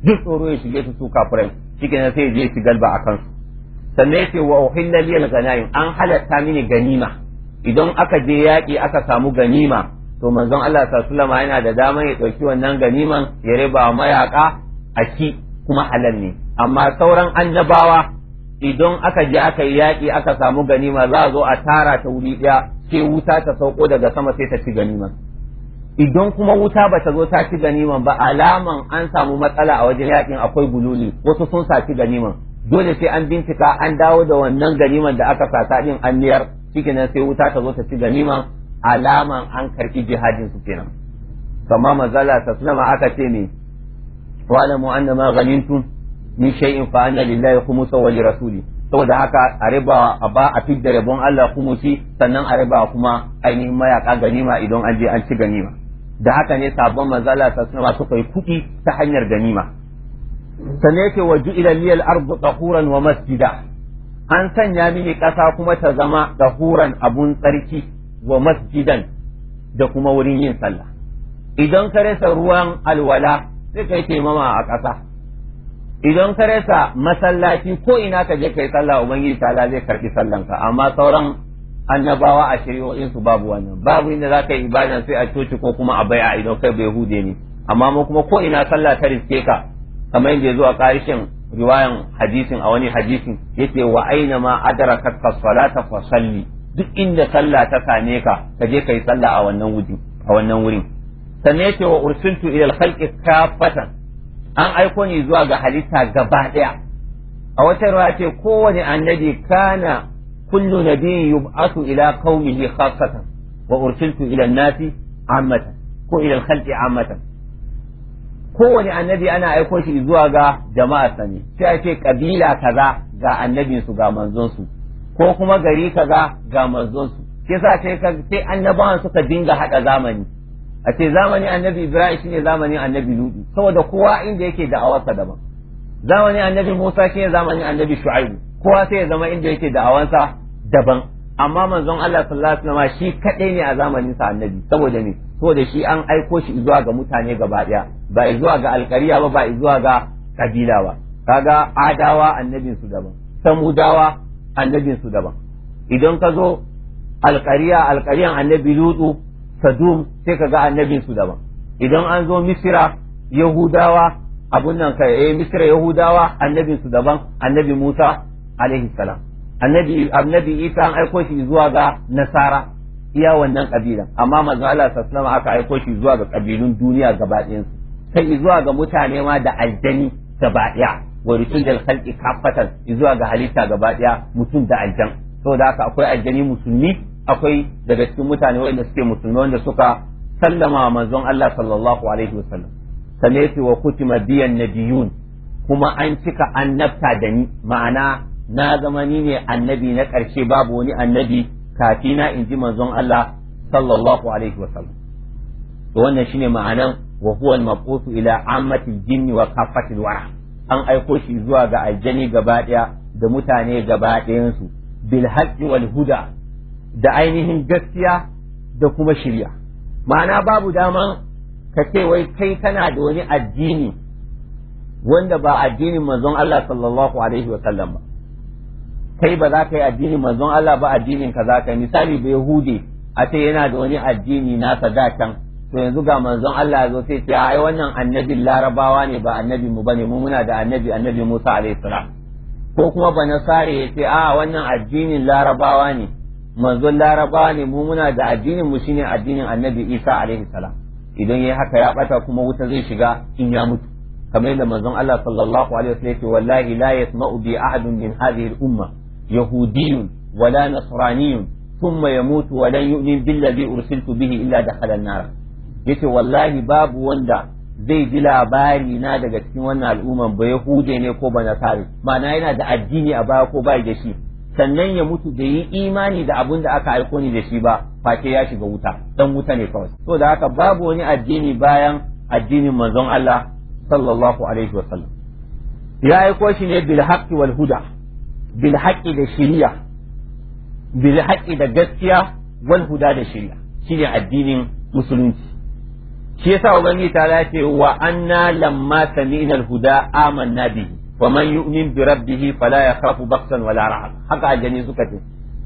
duk tsoro ya shige su su kafirai cikin sai je shi galba a kansu sannan yace wa uhilla liyal ganaim an halatta mini ganima idan aka je yaƙi aka samu ganima to manzon Allah sallama yana da dama ya ɗauki wannan ganiman ya riba mayaka a ki kuma halal ne amma sauran annabawa idan aka je aka yi yaƙi aka samu ganima za a zo a tara ta wuri ɗaya sai wuta ta sauko daga sama sai ta ci ganima idan kuma wuta ba ta zo ta ci ganima ba alaman an samu matsala a wajen yaƙin akwai gululi wasu sun saci ganima. dole sai an bincika an dawo da wannan ganiman da aka sata ɗin an niyar shikenan sai wuta ta zo ta ci ganiman alaman an karɓi jihadin su kenan kamar mazala ta aka ce ne ma annama tun. min shay'in fa anna lillahi khumusahu wa rasuli saboda haka a riba a ba a fidda rabon Allah khumusi sannan a riba kuma ainihin mayaka ganima idan an je an ci ganima da haka ne sabon manzala ta sunaba suka yi kuɗi ta hanyar ganima sannan yake wa ju'ila liyal ardu tahuran wa masjida an sanya mini ƙasa kuma ta zama tahuran abun tsarki wa masjidan da kuma wurin yin sallah idan ka rasa ruwan alwala sai kai taimama a ƙasa idan ka rasa masallaci ko ina ka je kai sallah ubangiji ta zai karbi sallanka amma sauran annabawa a shari'o'in su babu wannan babu inda za ka yi ibadan sai a coci ko kuma a bai a idan kai bai hude ne amma mu kuma ko ina sallah ta riske ka kamar yadda zuwa karshen riwayan hadisin a wani hadisin yace wa aina ma adraka ka salata fa salli duk inda sallah ta same ka ka je kai sallah a wannan wuri a wannan wurin sanne yace wa ursiltu ila al-khalqi kafatan an aiko ni zuwa ga halitta gaba ɗaya a wata ruwa ce kowane annabi kana kullu nabiyyin yub'atu ila qaumihi khassatan wa ursiltu ila an-nasi ammatan ko ila al-khalqi ammatan kowane annabi ana aiko shi zuwa ga jama'a sani sai ce kabila kaza ga annabin su ga manzon su ko kuma gari kaza ga manzon su sai sa sai annabawan suka dinga hada zamani a ce zamanin annabi ibrahim shine zamanin annabi lutu saboda kowa inda yake da'awarsa daban zamanin annabi musa shine zamanin annabi shu'aibu kowa sai ya zama inda yake awansa daban amma manzon Allah sallallahu alaihi wasallam shi kadai ne a zamanin sa annabi saboda ne saboda shi an aiko shi zuwa ga mutane gaba daya ba zuwa ga alkariya ba ba zuwa ga kabila ba kaga adawa annabin su daban samudawa annabin su daban idan ka zo alkariya alkariyan annabi lutu sadum sai ka ga annabin su daban idan an zo misira yahudawa abun nan kai eh misira yahudawa annabin su daban annabi musa alaihi salam annabi annabi isa an aiko shi zuwa ga nasara iya wannan kabila amma manzo Allah sallallahu aka aiko shi zuwa ga kabilun duniya gaba ɗayan su sai zuwa ga mutane ma da aljani gaba ɗaya wa rusulul khalqi kafatan zuwa ga halitta gaba ɗaya mutum da aljan saboda haka akwai aljani musulmi akwai daga cikin mutane waɗanda suke musulmi wanda suka sallama manzon Allah sallallahu alaihi wasallam sannan fi wa kutima biyan nabiyun kuma an cika annabta da ni ma'ana na zama ni ne annabi na ƙarshe babu wani annabi kafina in ji manzon Allah sallallahu alaihi wasallam to wannan shine ma'anan wa huwa al-mabusu ila ammatil jinni wa wara an aiko shi zuwa ga aljani gaba daya da mutane gaba ɗayan bil haqqi wal huda da ainihin gaskiya da kuma shirya ma'ana babu dama ka ce wai kai kana da wani addini wanda ba addinin manzon Allah sallallahu alaihi wa ba kai ba za ka yi addinin manzon Allah ba addinin ka za ka yi misali ba hude a ce yana da wani addini na da to yanzu ga manzon Allah ya zo sai ce ai wannan annabin larabawa ne ba annabi mu bane mu muna da annabi annabi Musa alaihi salam ko kuma ba nasare ya ce a wannan addinin larabawa ne manzon laraba ne mu muna da addinin mu shine addinin annabi isa alaihi salam idan yayi haka ya bata kuma wuta zai shiga in ya mutu kamar yadda manzon Allah sallallahu alaihi wasallam yace wallahi la yasma'u bi ahadun min hadhihi al-umma yahudiyyun wala nasraniyyun thumma yamutu wa lan yu'min billadhi ursiltu bihi illa dakhala an-nar yace wallahi babu wanda zai ji labari na daga cikin wannan al'ummar ba yahude ne ko ba nasari ma'ana yana da addini a baya ko ba shi sannan ya mutu da yi imani da abin da aka aiko ni da shi ba face ya shiga wuta dan wuta ne kawai to da haka babu wani addini bayan addinin manzon Allah sallallahu alaihi sallam. ya aiko shi ne bil haqqi wal huda bil haqqi da shiriya bil haqqi da gaskiya wal huda da shiriya shine addinin musulunci shi yasa ubangiji ta ce wa anna lamma sami'na al huda amanna bihi wa man yu'min bi rabbih fala yakhafu baqsan wala rahab haka aljani suka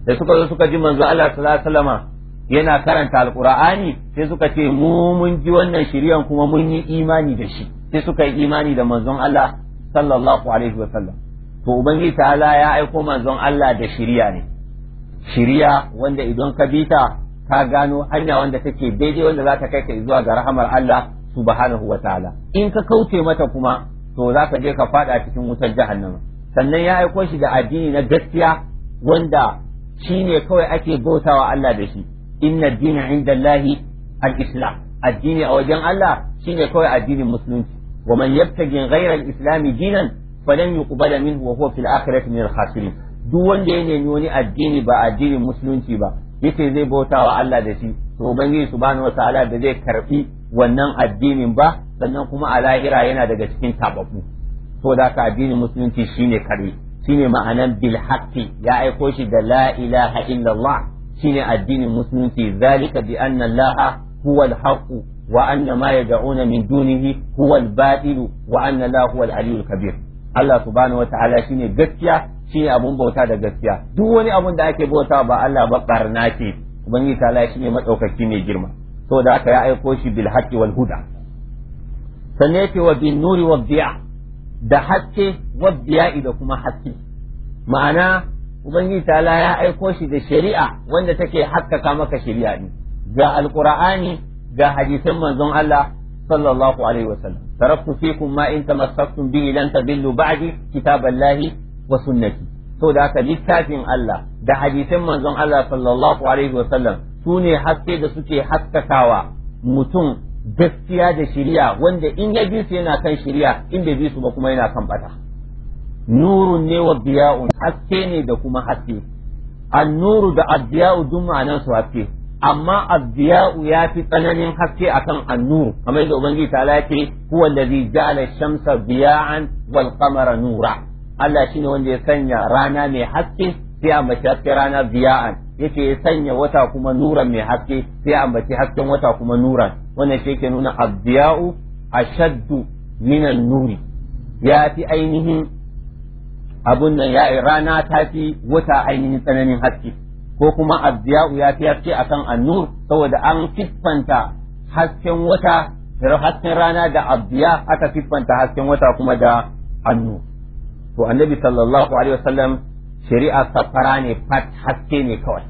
da suka zo suka ji manzo Allah sallallahu alaihi yana karanta alqur'ani sai suka ce mu mun ji wannan shirin kuma mun yi imani da shi sai suka yi imani da manzon Allah sallallahu alaihi wasallam to ubangiji ta'ala ya aiko manzon Allah da shiriya ne shiriya wanda idan ka bita ka gano hanya wanda take daidai wanda za ta kai ka zuwa ga rahamar Allah subhanahu wa in ka kauce mata kuma to za ka je ka fada cikin wutar jahannama sannan ya aiko shi da addini na gaskiya wanda shi ne kawai ake bautawa Allah da shi inna dina inda Allahi al-islam addini a wajen Allah shine kawai addinin musulunci wa man yabtaji ghayra al-islam dinan falan yuqbala minhu wa huwa fil akhirati min al-khasirin duk wanda ya nemi wani addini ba addinin musulunci ba yace zai bautawa Allah da shi to ubangiji subhanahu wataala da zai karbi wannan addinin ba sannan kuma a lahira yana daga cikin taɓaɓu to da ka addinin musulunci shine kare shine ma'anan bil haqqi ya aiko shi da la ilaha illallah shine addinin musulunci zalika bi anna allaha huwa al haqq wa anna ma yad'una min dunihi huwa al batil wa anna la huwa al kabir Allah subhanahu wataala shine gaskiya shine abun bauta da gaskiya duk wani abun da ake bauta ba Allah ba barna ce ubangiji ta shine madaukaki mai girma saboda aka ya aiko shi bil haqqi wal huda sannan yake wa bin nuri wa da haske wa da kuma haske ma'ana ubangiji ta'ala ya aiko shi da shari'a wanda take haskaka maka shari'a ne ga alqur'ani ga hadisan manzon Allah sallallahu alaihi wasallam taraktu fikum ma in tamassaktum bihi lan tadillu ba'di kitaballahi wa sunnati saboda haka littafin Allah da hadisan manzon Allah sallallahu alaihi wasallam su ne haske da suke haskakawa mutum gaskiya da shiriya wanda in ya bi su yana kan shiriya in bai bi su ba kuma yana kan bata nurun ne wa biya'un haske ne da kuma haske annuru da abdiyau duk ma'anar su haske amma abdiyau ya fi tsananin haske akan nuru kamar yadda ubangiji ta lafi huwa allazi ja'ala shamsa biya'an wal qamara nura Allah shine wanda ya sanya rana mai haske sai a mace haske rana biya'an yake ya sanya wata kuma nuran mai haske sai ambaci hasken wata kuma nuran wannan shi yake nuna abdiya'u ashaddu minan nuri ya fi ainihin abun nan ya rana ta fi wata ainihin tsananin haske ko kuma abdiya'u ya fi haske akan annur saboda an fiffanta hasken wata hasken rana da abdiya aka fiffanta hasken wata kuma da annu to annabi sallallahu alaihi wasallam shari'a safara ne fat haske ne kawai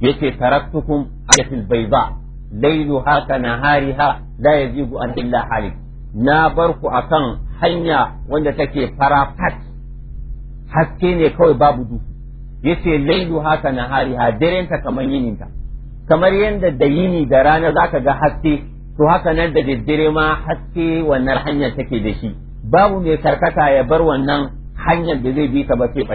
yace taraktukum ayatul bayda lailuha ka nahariha la yazigu an illa halik na bar ku akan hanya wanda take farafat haske ne kawai babu duhu yace lailuha ka nahariha darenta kamar ta kamar yadda da yini da rana zaka ga haske to haka nan da daddare ma haske wannan hanyar take da shi babu mai karkata ya bar wannan hanyar da zai bi ta ba sai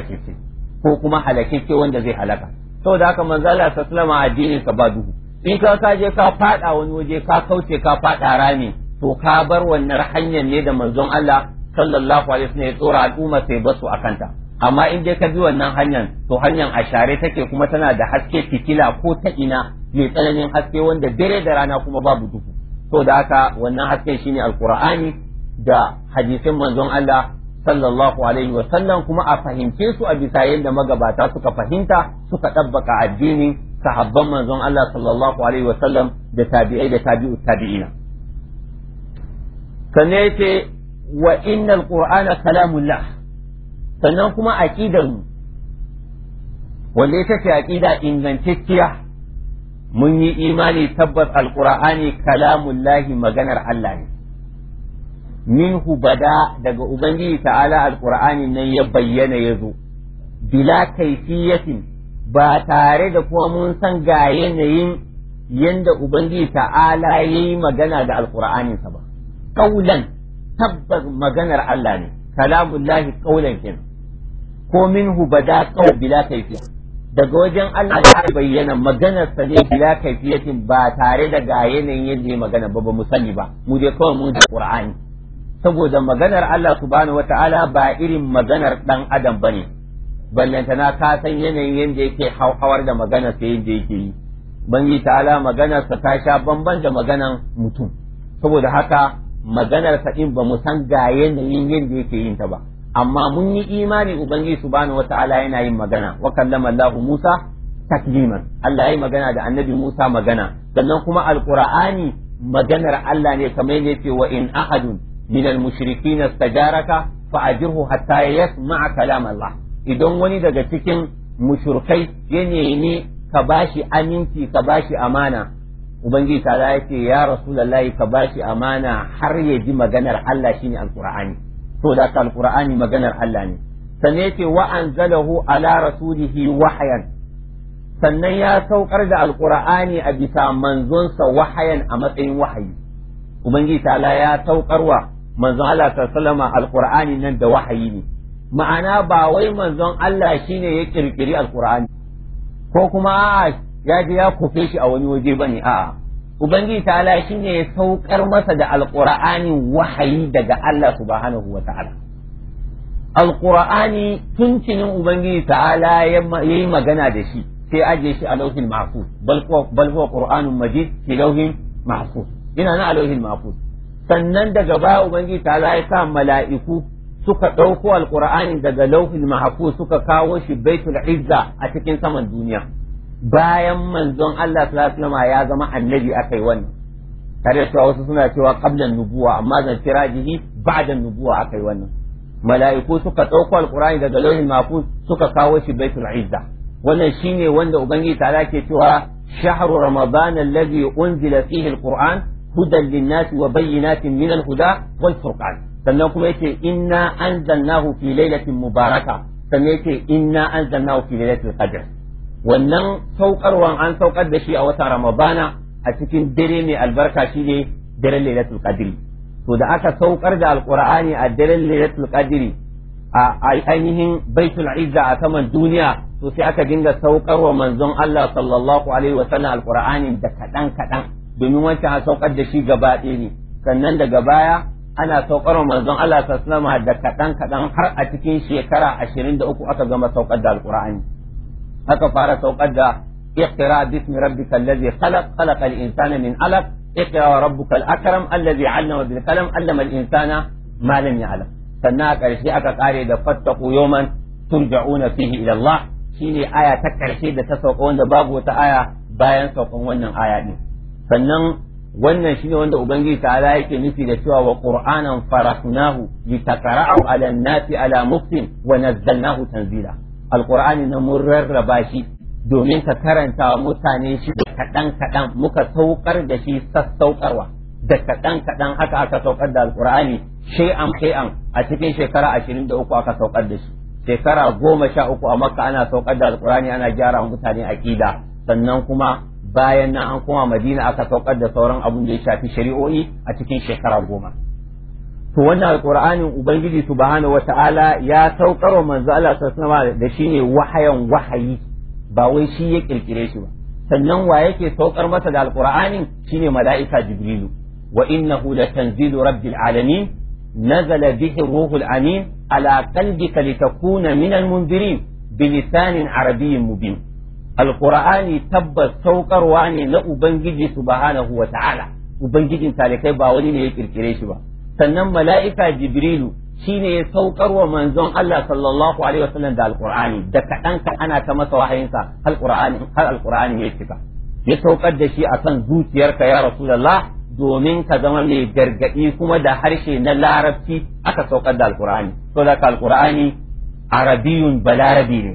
ko kuma ce wanda zai halaka saboda haka manzo Allah sallama addinin ka ba duhu in ka ka je ka fada wani waje ka kauce ka fada rami to ka bar wannan hanyar ne da manzon Allah sallallahu alaihi wasallam ya tsora al'umma sai basu akanta amma in dai ka bi wannan hanyar to hanyar ashare share take kuma tana da haske fitila ko ta ina mai tsananin haske wanda dare da rana kuma babu duhu to da haka wannan hasken shine alqur'ani da hadisin manzon Allah sallallahu alaihi wasallam kuma a fahimce su a bisa yadda magabata suka fahimta suka ɗabbaka addinin sahabban manzon Allah sallallahu alaihi wasallam da tabi'ai da tabi'u tabi'ina sannan yace wa innal qur'ana kalamullah sannan kuma aqidar mu wanda ita ce aqida ingantacciya mun yi imani tabbas alqur'ani kalamullahi maganar Allah ne minhu bada daga ubangiji ta'ala alqur'ani nan ya bayyana ya zo, bila kaifiyatin ba tare da kuma mun san ga yanayin yanda ubangiji ta'ala yayi magana da Alƙur'aninsa ba kaulan tabbas maganar Allah ne kalamullahi ƙaulan kenan ko minhu bada qaul bila kaifiya daga wajen Allah ya bayyana maganarsa ne bila kaifiyatin ba tare da ga yanayin yadda ya magana ba ba mu sani ba mu je kawai mun da qur'ani saboda maganar Allah subhanahu wata'ala ba irin maganar dan adam bane ballantana ka san yanayin yadda yake hauhawar da maganar sai yadda yake yi bangi ta'ala maganar sa ta sha bamban da maganar mutum saboda haka maganar sa in ba mu san ga yanayin yadda yake yin ta ba amma mun yi imani ubangiji subhanahu wata'ala yana yin magana wa kallama Allah Musa takliman Allah yayi magana da annabi Musa magana sannan kuma alqur'ani maganar Allah ne kamar yadda yake wa in ahadun min al-mushrikin istajaraka fa ajirhu hatta yasma'a kalam Allah idan wani daga cikin mushrikai ya nemi ka bashi aminci ka bashi amana ubangiji ta ya ce ya rasulullahi ka bashi amana har ya ji maganar Allah shine alqur'ani to da alqur'ani maganar Allah ne sannan yace wa rasu ala rasulihi wahyan sannan ya saukar da alkur'ani a bisa manzonsa wahayan a matsayin wahayi ubangiji ta'ala ya saukarwa manzon Allah sallama alqur'ani nan da wahayi ne ma'ana ba wai manzon Allah shine ya kirkiri alqur'ani ko kuma ya je ya kufe shi a wani waje bane a'a ubangiji ta'ala shine ya saukar masa da alqur'ani wahayi daga Allah subhanahu wa ta'ala alqur'ani tuncinin ubangiji ya yi magana da shi sai aje shi a lauhin mahfuz bal huwa qur'anun majid fi lauhin mahfuz ina na a lauhin mahfuz sannan daga baya ubangiji ta ya sa mala'iku suka ɗauko alƙur'ani daga lauhin mahafuz suka kawo shi baitul izza a cikin saman duniya bayan manzon Allah sallallahu ya zama annabi akai wannan tare da wasu suna cewa qablan nubuwa amma zan firajihi ba'da nubuwa akai wannan mala'iku suka ɗauko alƙur'ani daga lauhin mahafuz suka kawo shi baitul izza wannan shine wanda ubangiji ta ke cewa shahru ramadan alladhi unzila fihi alqur'an هدى للناس وبينات من الهدى والفرقان sannan kuma yake inna anzalnahu fi lailatin mubaraka sannan yace inna anzalnahu fi lailatul qadr wannan saukarwan an saukar da shi a wata ramadana a cikin dare mai albarka shine daren lailatul qadr to da aka saukar da alqur'ani a daren lailatul qadr a ainihin baitul izza a saman duniya to sai aka dinga saukarwa manzon Allah sallallahu alaihi wa sallam alqur'ani da kadan kadan domin wancan a saukar da shi gaba ɗaya ne sannan daga baya ana saukar wa manzon Allah sallallahu alaihi da kadan kadan har a cikin shekara 23 aka gama saukar da alqur'ani aka fara saukar da اقرا باسم ربك min ala خلق الانسان من علق اقرا ربك الاكرم الذي علم بالقلم علم الانسان ما لم sannan a ƙarshe aka ƙare da fattaku yoman turja'una fihi ila Allah shine aya ta ƙarshe da ta sauka wanda babu wata aya bayan saukan wannan aya ne sannan wannan shine wanda ubangiji ta'ala yake nufi da cewa wa qur'anan farasnahu litaqra'u 'ala an-nasi 'ala muftin wa nazzalnahu tanzila alqur'ani na mun rarraba shi domin ka karanta mutane shi kadan kadan muka saukar da shi sassaukarwa da kadan kadan haka aka saukar da alqur'ani shay'an shay'an a cikin shekara 23 aka saukar da shi shekara 13 a makka ana saukar da alqur'ani ana gyara mutane aqida sannan kuma bayan na an koma madina aka saukar da sauran abun da ya shafi shari'o'i a cikin shekara goma to wannan alqur'anin ubangiji subhanahu wata'ala ya saukar wa manzo Allah sallallahu da shine wahayan wahayi ba wai shi ya kirkire shi ba sannan wa yake saukar masa da alqur'anin shine mala'ika jibrilu wa innahu latanzilu rabbil alamin nazala bihi ruhul amin على قلبك لتكون من المنذرين بلسان mu مبين Alƙur'ani tabbas saukarwa ne na ubangiji subhanahu wa ta'ala ubangijin talikai ba wani ne ya kirkire shi ba sannan mala'ika jibrilu shine ya saukarwa manzon Allah sallallahu alaihi wasallam da alqur'ani da kadan ka ana ta masa wahayinsa alqur'ani har alqur'ani ya cika ya saukar da shi akan zuciyarka ya rasulullah domin ka zama mai gargaɗi kuma da harshe na larabci aka saukar da alkur'ani to da ka alkur'ani arabiyun balarabi ne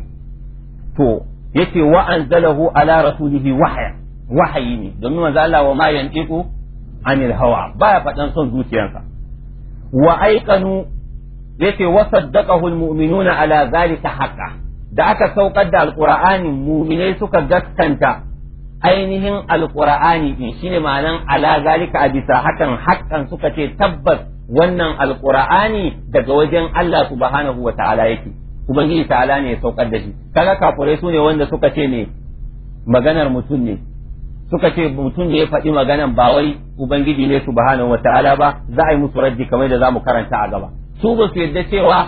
to yace wa anzalahu ala rasulihi wahya wahayi ne domin manzo Allah wa mayan yantiqu anil hawa baya son zuciyarsa wa aikanu yace wa saddaqahu almu'minuna ala zalika haqqan da aka saukar da alqur'ani mu'minai suka gaskanta ainihin alqur'ani din shine ma'anan ala zalika abisa hakan hakan suka ce tabbas wannan alqur'ani daga wajen Allah subhanahu wa ta'ala yake ubangiji ta ala ne ya saukar da shi kaga kafurai su ne wanda suka ce ne maganar mutum ne suka ce mutum da ya faɗi maganar ba wai ubangiji ne su wa ta'ala ba za a yi musu raddi kamar da za mu karanta a gaba su ba su yadda cewa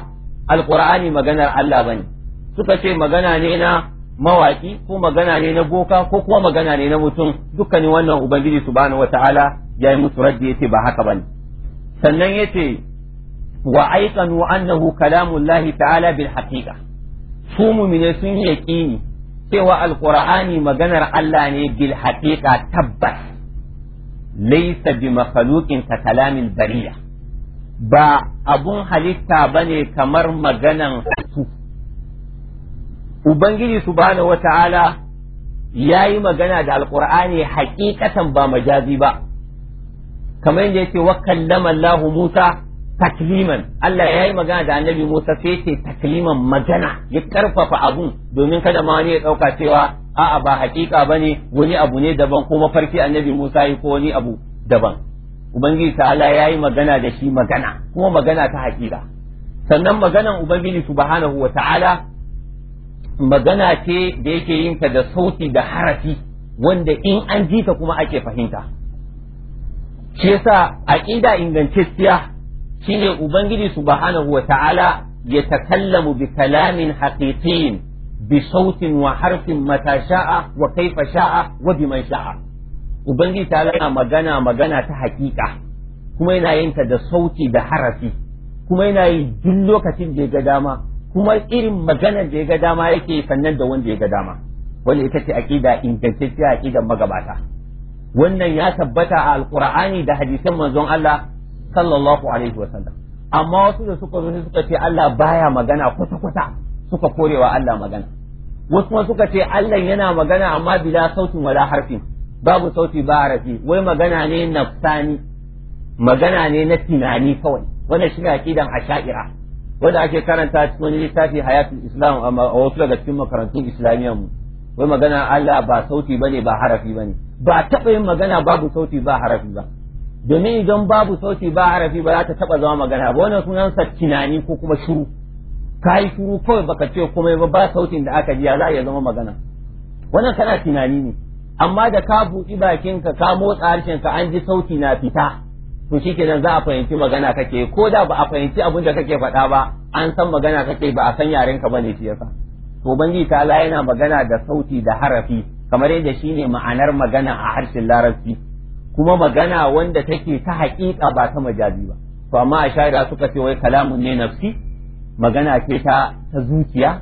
Alƙur'ani maganar Allah bane suka ce magana ne na mawaki ko magana ne na boka ko kuma magana ne na mutum dukkanin wannan ubangiji subhanahu ta'ala ya yi musu raddi yace ba haka bane sannan yace wa aikanu annahu kalamullahi ta'ala bil haqiqa su mu'mine sun yi yaqini cewa alƙur'ani maganar Allah ne bil haqiqa tabbas laysa bi makhluqin ka kalamil bariya ba abun halitta bane kamar maganan su ubangiji subhanahu wata'ala yayi magana da alƙur'ani haqiqatan ba majazi ba kamar yadda yake wa kallama Allah Musa takliman Allah ya yi magana da annabi Musa sai ce takliman magana ya karfafa abun domin kada ma wani ya dauka cewa a'a ba hakika bane wani abu ne daban ko mafarki annabi Musa yi ko wani abu daban ubangiji ta'ala ya yi magana da shi magana kuma magana ta hakika sannan maganan ubangiji subhanahu wa ta'ala magana ce da yake yin ta da sauti da harafi wanda in an ji ta kuma ake fahimta shi yasa aqida ingantacciya shine ubangiji subhanahu wa ta'ala ya takallamu bi kalamin haqiqin bi sautin wa harfin mata sha'a wa kaifa sha'a wa biman sha'a ubangiji ta yana magana magana ta haƙiƙa kuma yana yin ta da sauti da harafi kuma yana yin duk lokacin da ya ga dama kuma irin maganar da ya ga dama yake sannan da wanda ya ga dama wanda ita ce aqida ingantacciya aqidan magabata wannan ya tabbata a Alƙur'ani da hadisan manzon Allah sallallahu alaihi wa sallam. amma wasu da suka zo suka ce Allah baya magana kusa kusa suka korewa Allah magana wasu kuma suka ce Allah yana magana amma bila sautin wala harfi. babu sauti ba harafi wai magana ne nafsani magana ne na tunani kawai wannan shi ne aqidan asha'ira wanda ake karanta cikin wani littafi hayatul islam a wasu daga cikin makarantun islamiyya mu wai magana Allah ba sauti bane ba harafi bane ba taɓa yin magana babu sauti ba harafi ba domin idan babu sauti ba harafi ba za ta taba zama magana ba wannan sunan sa tunani ko kuma shiru ka yi shiru kawai baka ce komai ba ba sautin da aka ji ya za a iya zama magana wannan kana tunani ne amma da ka buɗi bakinka ka motsa harshen ka an ji sauti na fita to shikenan za a fahimci magana kake ko da ba a fahimci abin da kake faɗa ba an san magana kake ba a san yarenka ba ne shi yasa to bangi ta yana magana da sauti da harafi kamar yadda shine ma'anar magana a harshen larabci kuma magana wanda take ta haƙiƙa ba ta majazi ba to amma a shari'a suka ce wai kalamun ne nafsi magana ce ta ta zuciya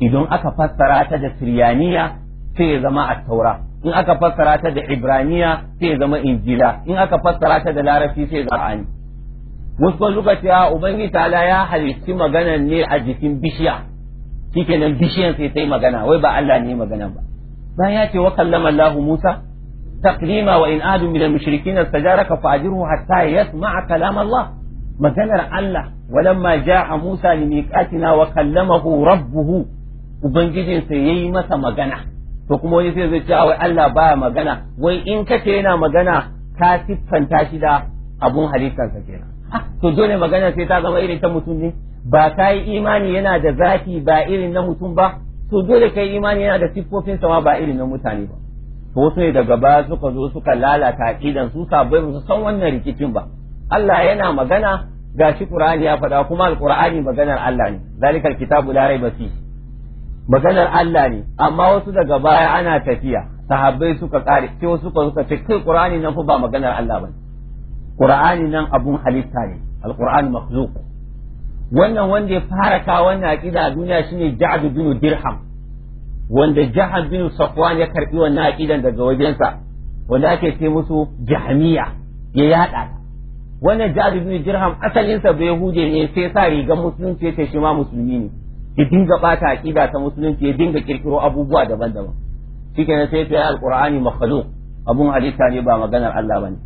idan aka fassara ta da siryaniya sai ya zama attaura taura in aka fassara ta da ibraniya sai ya zama injila in aka fassara ta da larabci sai ya zama ani wasu kan suka ce ubangiji ta'ala ya halicci maganan ne a jikin bishiya shikenan bishiyan sai ta yi magana wai ba Allah ne magana ba bayan ya ce wa kallama Allahu Musa wa in تقديما وإن آد من المشركين استجارك فأجره حتى يسمع كلام الله maganar Allah walamma a Musa li miqatina wa kallamahu rabbuhu ubangijin sai yayi masa magana to kuma wani sai zai ce wai Allah baya magana wai in kace yana magana ka siffanta shi da abun halittar sa kenan to dole magana sai ta zama irin ta mutum ne ba kai imani yana da zafi ba irin na mutum ba to dole kai imani yana da siffofin sama ba irin na mutane ba to wasu ne daga baya suka zo suka lalata akidan su sabai musu san wannan rikicin ba Allah yana magana gashi Qur'ani ya faɗa kuma Al-Qur'ani maganar Allah ne zalikal kitabu la raiba fi maganar Allah ne amma wasu daga baya ana tafiya sahabbai suka kare sai wasu suka suka ce kai Qur'ani nan fa ba maganar Allah bane Qur'ani nan abun halitta ne Al-Qur'an makhluq wannan wanda ya fara kawanna wannan aqida a duniya shine Ja'd bin Dirham wanda jihar bin safwan ya karbi wannan aqidan daga wajensa wanda ake ce musu jahmiya ya yada wannan jihar bin dirham asalin sa bai huje ne sai sa rigar musulunci ya shi ma musulmi ne ya dinga bata aqida ta musulunci ya dinga kirkiro abubuwa daban-daban shikenan sai ta alqur'ani makhluq abun halitta ne ba maganar Allah bane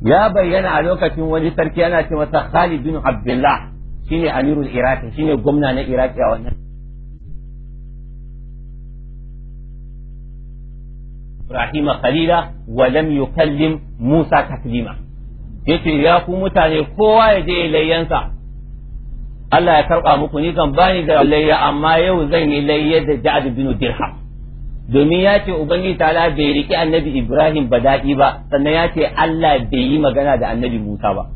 ya bayyana a lokacin wani sarki yana ce masa Khalid bin Abdullah shine amirul iraki shine gwamna na Iraki a wannan ibrahima khalila wa lam yukallim musa taklima yace ya ku mutane kowa ya je ya layyansa Allah ya karba muku ni kan bani da layya amma yau zan yi layya da Ja'ad bin Dirham domin ya ce ubangiji ta'ala bai riki annabi Ibrahim ba daɗi ba sannan ya ce Allah bai yi magana da annabi Musa ba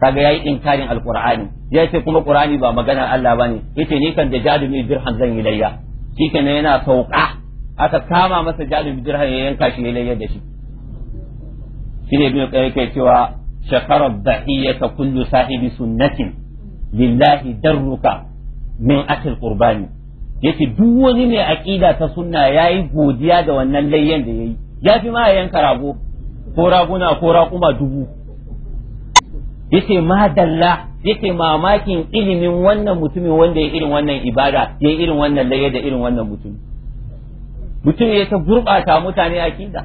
kaga yayi inkarin alqur'ani ya ce kuma ƙur'ani ba magana Allah bane yace ni kan da Ja'ad bin Dirham zan yi layya shikenan yana sauka aka kama masa jalibin dirham ya yanka shi ya da shi shi ne bin kai kai cewa shakara dhahiyata kullu sahibi sunnatin lillahi darruka min akil qurbani yace duk wani mai aqida ta sunna yayi godiya da wannan layyan da yayi fi ma yanka rago ko raguna ko raƙuma dubu yace ma dalla yake mamakin ilimin wannan mutumin wanda ya irin wannan ibada ya irin wannan layya da irin wannan mutum mutum ya ta gurɓata mutane kida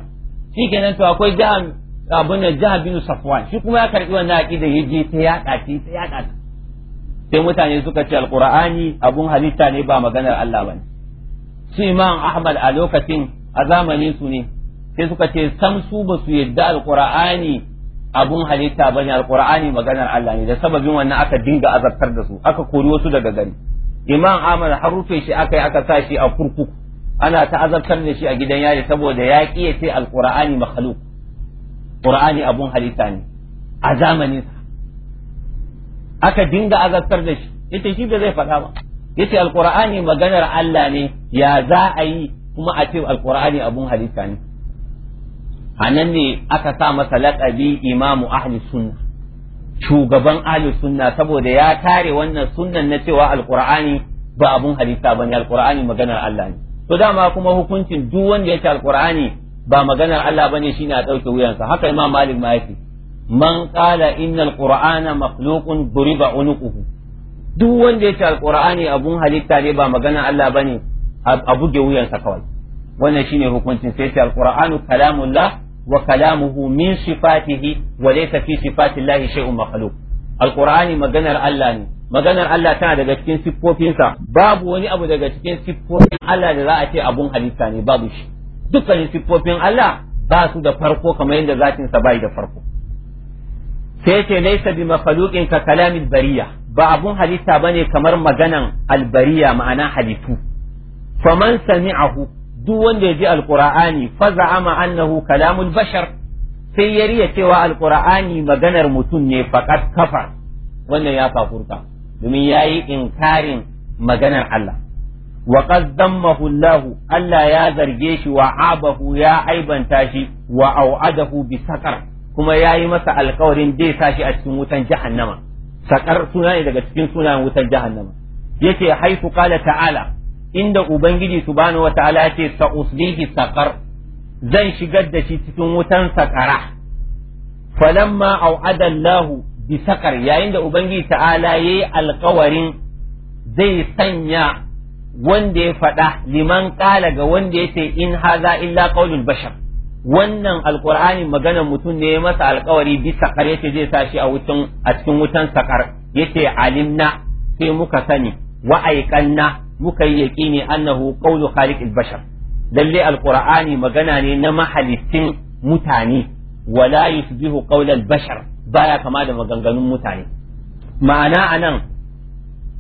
shi kenan to akwai jihar abin da jihar binu safwan shi kuma ya karɓi wannan akida ya je ta yaɗa ta ta yaɗa ta sai mutane suka ce alƙur'ani abun halitta ne ba maganar Allah ba ne su imam ahmad a lokacin a zamanin su ne sai suka ce sam su ba su yadda alƙur'ani abun halitta ba ne alƙur'ani maganar Allah ne da sababin wannan aka dinga azabtar da su aka kori wasu daga gari imam ahmad har rufe shi aka yi aka sa shi a kurkuku ana ta azabtar da shi a gidan yari saboda ya ƙi ya ce alƙur'ani makhluk ƙur'ani abun halitta ne a zamanin aka dinga azabtar da shi yace shi ba zai faɗa ba yace alƙur'ani maganar Allah ne ya za a yi kuma a ce alƙur'ani abun halitta ne a nan ne aka sa masa laƙabi imamu ahli sunna shugaban ahli sunna saboda ya kare wannan sunnan na cewa alƙur'ani ba abun halitta bane alƙur'ani maganar Allah ne to dama kuma hukuncin duk wanda yake alqur'ani ba maganar Allah bane shine a dauke wuyansa haka imam malik ma yake man qala innal qur'ana makhluqun duriba unuquhu duk wanda yake alqur'ani abun halitta ne ba maganar Allah bane a buge wuyansa kawai wannan shine hukuncin sai alqur'anu kalamullah wa kalamuhu min sifatihi wa laysa fi sifatillahi shay'un makhluq alqur'ani maganar Allah ne maganar Allah tana daga cikin siffofinsa babu wani abu daga cikin siffofin Allah da za a ce abun halitta ne babu shi dukkanin siffofin Allah ba su da farko kamar yadda zatin sa bai da farko sai ce laysa bi makhluqin ka kalamil bariya ba abun halitta bane kamar maganan albariya ma'ana halittu faman sami'ahu duk wanda ya ji alqur'ani fa za'ama annahu kalamul bashar sai ya riya cewa alqur'ani maganar mutum ne faqat kafar wannan ya kafurta domin yayi inkarin maganar Allah wa qad Allah Allah ya zarge shi wa abahu ya aibanta shi wa au'adahu bi saqar kuma yayi masa alƙawarin zai sa shi a cikin wutan jahannama saqar suna ne daga cikin sunayen wutan jahannama yace haifu qala ta'ala inda ubangiji subhanahu wataala ce sa uslihi saqar zan shigar da shi cikin wutan saqara falamma au'ada bisakar yayin da ubangiji ta'ala yayi alkawarin zai sanya wanda ya faɗa liman ƙala ga wanda ya ce in haza illa qaulul bashar wannan alkur'ani maganar mutum ne ya masa alkawari bisakar yace zai sa shi a a cikin wutan sakar yace alimna sai muka sani wa aiqanna muka yi ne annahu qaulu khaliqil bashar lalle alqur'ani magana ne na mahalicin mutane wala yusbihu qaulal bashar baya kama da maganganun mutane ma'ana anan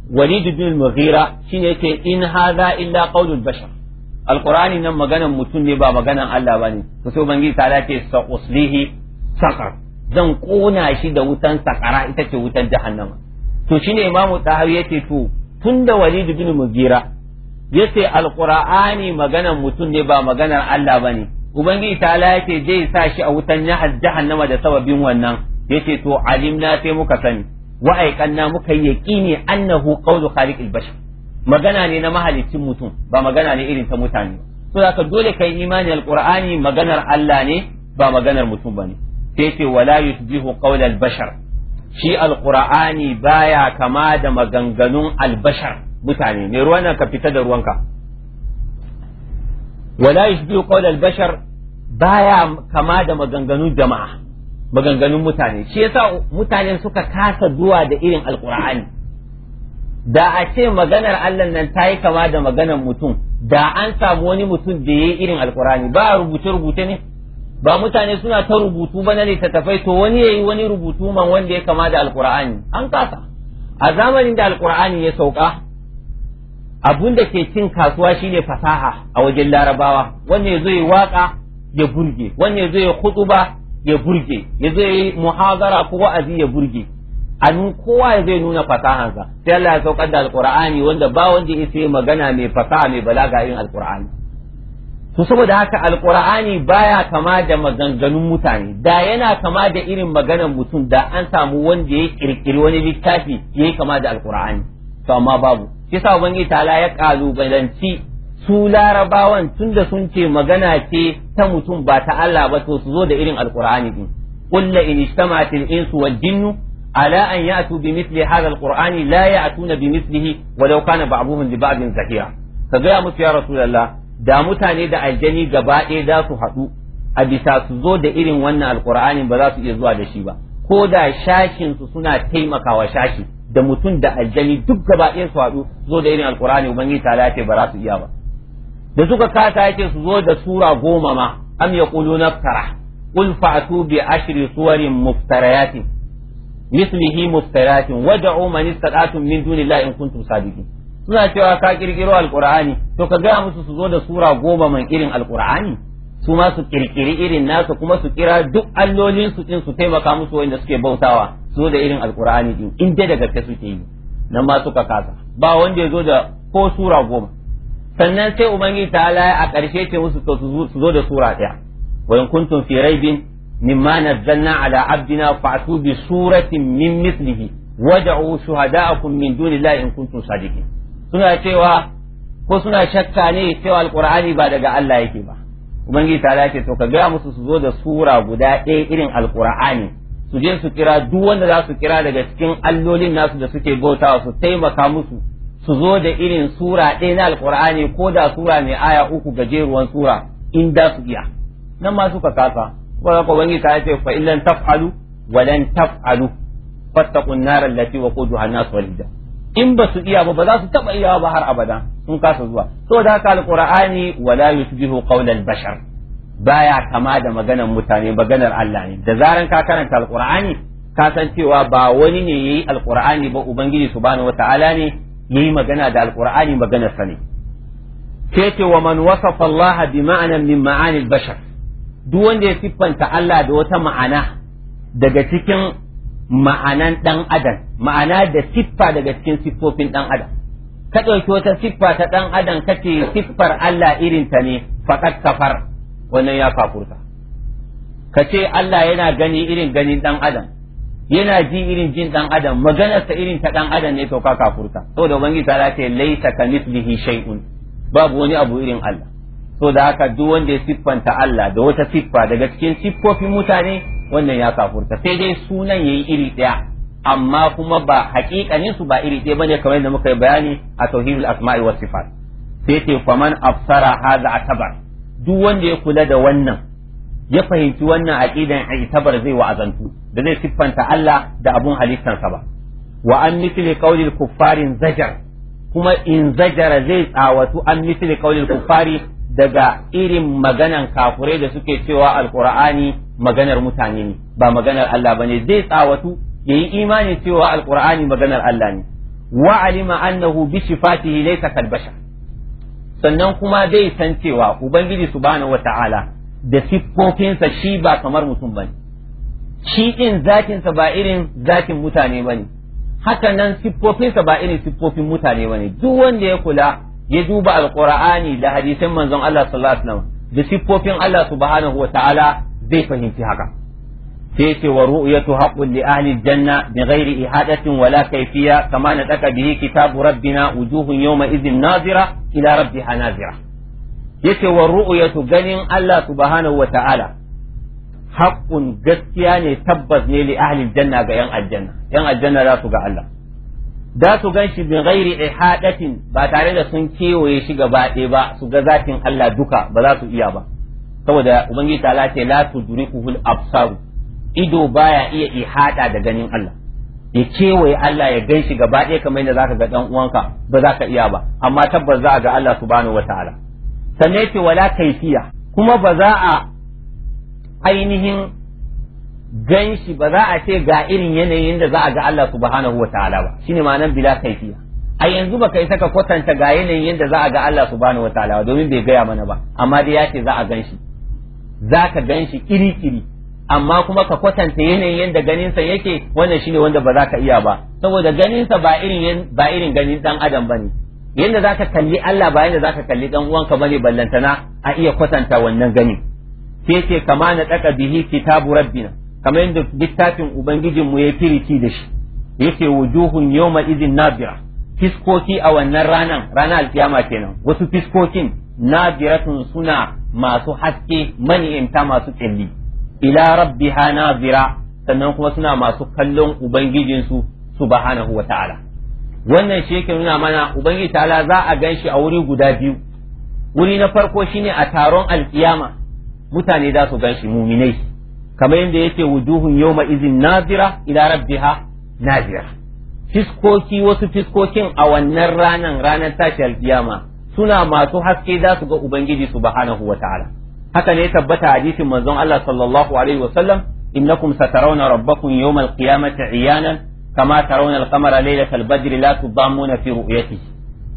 walid bin mughira shine yake in hadha illa qaulul bashar alqur'ani nan maganan mutum ne ba maganan Allah bane to so bangi ta ce sa uslihi saqar zan kona shi da wutan saqara ita ce wutan jahannama to shine imamu tahawi yace to tunda walid bin mughira yace alqur'ani maganan mutum ne ba maganar Allah bane ubangiji ta ce zai sa shi a wutan jahannama da sababin wannan yace to alimna sai muka sani wa aiqanna muka yi yaqini annahu qawlu khaliqil bashar magana ne na mahalicin mutum ba magana ne irin ta mutane to zaka dole kai imani alqur'ani maganar Allah ne ba maganar mutum bane sai ce wala yusbihu qawlal bashar shi alqur'ani baya kama da maganganun albashar mutane ne ruwan ka fita da ruwanka wala yusbihu qawlal bashar baya kama da maganganun jama'a maganganun mutane shi yasa mutane suka kasa zuwa da irin alkur'ani da a ce maganar Allah nan ta yi kama da maganar mutum da an samu wani mutum da ya yi irin alkur'ani ba rubuce rubuce ne ba mutane suna ta rubutu ba na littattafai to wani ya yi wani rubutu man wanda ya kama da alkur'ani an kasa a zamanin da alkur'ani ya sauka abun da ke cin kasuwa shine fasaha a wajen larabawa wanda ya zo ya waka ya burge wanda ya zo ya ba ya burge ya zo yi muhazara ko wa'azi ya burge anu kowa zai nuna fasahansa sai Allah ya saukar da alqur'ani wanda ba wanda ya magana mai fasaha mai balaga irin alqur'ani to saboda haka alqur'ani baya kama da maganganun mutane da yana kama da irin maganar mutum da an samu wanda ya kirkiri wani littafi ya kama da alqur'ani to amma babu yasa ubangiji ta ya kalubalanci su larabawan tunda sun ce magana ce ta mutum ba ta Allah ba to su zo da irin alqur'ani din qul in ijtama'at al-insu wal jinnu ala an ya'tu bi mithli hadha al-qur'ani la ya'tuna bi mithlihi walau kana li ba'din zahira ka ga musu ya rasulullah da mutane da aljani gaba ɗaya za su haɗu a bisa su zo da irin wannan alqur'ani ba za su iya zuwa da shi ba ko da shashin su suna taimakawa shashi da mutum da aljani duk gaba ɗaya su haɗu zo da irin alqur'ani ubangiji ta lafiya ba za su iya ba da suka kasa yake su zo da sura goma ma am kulu naftara qul fa'tu bi ashri suwarin muftariyatin mislihi muftariyatin wad'u man istata'tum min dunillahi in kuntum sadiqin suna cewa ka kirkiro alqur'ani to ka ga musu su zo da sura goma man irin alqur'ani su ma su kirkiri irin nasu kuma su kira duk allolin su din su taimaka musu wanda suke bautawa su da irin alqur'ani din in daga da suke yi nan ma suka kasa ba wanda ya zo da ko sura goma sannan sai ubangiji ta'ala a ƙarshe ce musu to su zo da sura ɗaya wa in kuntum fi raibin mimma nazzalna ala abdina fa'tu bi suratin min mithlihi waj'u shuhada'akum min dunillahi in kuntum sadiqin suna cewa ko suna shakka ne cewa alqur'ani ba daga Allah yake ba ubangiji ta'ala ce to ka ga musu su zo da sura guda ɗaya irin alqur'ani su je su kira duk wanda za su kira daga cikin allolin nasu da suke bautawa su taimaka musu su zo da irin sura ɗaya na alkur'ani ko da sura mai aya uku gajeruwan sura in da su iya nan ma suka kasa wa ka bangi ka ce fa illan taf'alu wa lan taf'alu fattaqun nar allati waquduha an-nas wal in ba su iya ba ba za su taba iyawa ba har abada sun kasa zuwa ka alkur'ani alqur'ani la yusbihu al bashar baya kama da maganar mutane maganar Allah ne da zaran ka karanta alqur'ani ka san cewa ba wani ne yayi alqur'ani ba ubangiji subhanahu wataala ne yi magana da alqur'ani magana sani. ne sai ce wa man wasafa Allah bi ma'anan min ma'ani bashar duk wanda ya siffanta Allah da wata ma'ana daga cikin ma'anan ɗan adam ma'ana da siffa daga cikin siffofin ɗan adam ka ɗauki wata siffa ta ɗan adam kake siffar Allah irin ta ne faqat kafar wannan ya kafurta ka ce Allah yana gani irin ganin ɗan adam yana ji irin jin dan adam maganarsa irin ta dan adam ne to ka kafurta da ubangiji ta ce laisa mithlihi shay'un babu wani abu irin Allah To da haka duk wanda ya siffanta Allah da wata siffa daga cikin siffofin mutane wannan ya kafurta sai dai sunan yayi iri daya amma kuma ba hakikanin su ba iri daya bane kamar yadda muka yi bayani a tauhidul asma'i was sifat sai ce faman absara hadha atabar duk wanda ya kula da wannan ya fahimci wannan aqidan itabar zai wa'azantu da zai siffanta Allah da abun halittansa ba wa an misli qawlil kuffarin zajar kuma in zajara zai tsawatu an misli qawlil kuffari daga irin maganan kafurai da suke cewa alqur'ani maganar mutane ne ba maganar Allah bane zai tsawatu yayi imani cewa alqur'ani maganar Allah ne wa alima annahu bi sifatihi laysa kal sannan kuma zai san cewa ubangiji subhanahu wata'ala da siffofinsa shi ba kamar mutum bane shi ɗin zakinsa ba irin zakin mutane bane haka nan siffofinsa ba irin siffofin mutane bane duk wanda ya kula ya duba alqur'ani da hadisin manzon Allah sallallahu alaihi wasallam da siffofin Allah subhanahu wa ta'ala zai fahimci haka sai ce wa ru'yatu haqqun li ahli janna bi ghairi ihadatin wala kayfiyya kama nadaka bihi kitabu rabbina wujuhun yawma idhin nazira ila rabbiha nazira yace wa ru'yatu ganin Allah subhanahu wa ta'ala haqqun gaskiya ne tabbas ne li ahli janna ga yan aljanna yan aljanna za su ga Allah da su gan shi bin ghairi ihadatin ba tare da sun kewaye shi gaba ɗaya ba su ga zatin Allah duka ba za su iya ba saboda ubangiji ta'ala ce la tudrikuhul absaru ido baya iya ihada da ganin Allah ya kewaye Allah ya gan shi gaba ɗaya kamar yadda zaka ga dan uwanka ba za ka iya ba amma tabbas za ga Allah subhanahu wataala sannan yake wala kaifiya kuma ba za a ainihin gan shi ba za a ce ga irin yanayin da za a ga Allah subhanahu wa ta'ala ba shine ma'anar bila kaifiya a yanzu ka isa saka kwatanta ga yanayin da za a ga Allah subhanahu wa ta'ala ba domin bai gaya mana ba amma dai ya ce za a gan shi za ka gan shi kiri kiri amma kuma ka kwatanta yanayin da ganinsa yake wannan shine wanda ba za ka iya ba saboda ganinsa ba irin ganin dan adam ba ne. yadda za ka kalli Allah ba yadda za ka kalli ɗan uwanka bane ballantana a iya kwatanta wannan gani sai ce kama na tsaka bihi kitabu rabbina kamar yadda littafin ubangijinmu ya firici da shi yake wujuhun yawma idin nabira fiskoki a wannan ranan ranar alkiyama kenan wasu fiskokin nabiratun suna masu haske mani'imta masu tsilli ila rabbiha nazira sannan kuma suna masu kallon ubangijinsu subhanahu wa ta'ala wannan shi yake nuna mana ubangiji ta'ala za a ganshi a wuri guda biyu wuri na farko shine a taron alkiyama mutane za su ganshi muminai kamar yadda yake wujuhun yawma izin nazira ila rabbiha nazira fiskoki wasu fiskokin a wannan ranan ranar tashi alkiyama suna masu haske za su ga ubangiji subhanahu wataala haka ne tabbata hadisin manzon Allah sallallahu alaihi wasallam innakum satarawna rabbakum yawmal qiyamati iyanan kama tarawna al-qamara laylatal badri la tudammuna fi ru'yati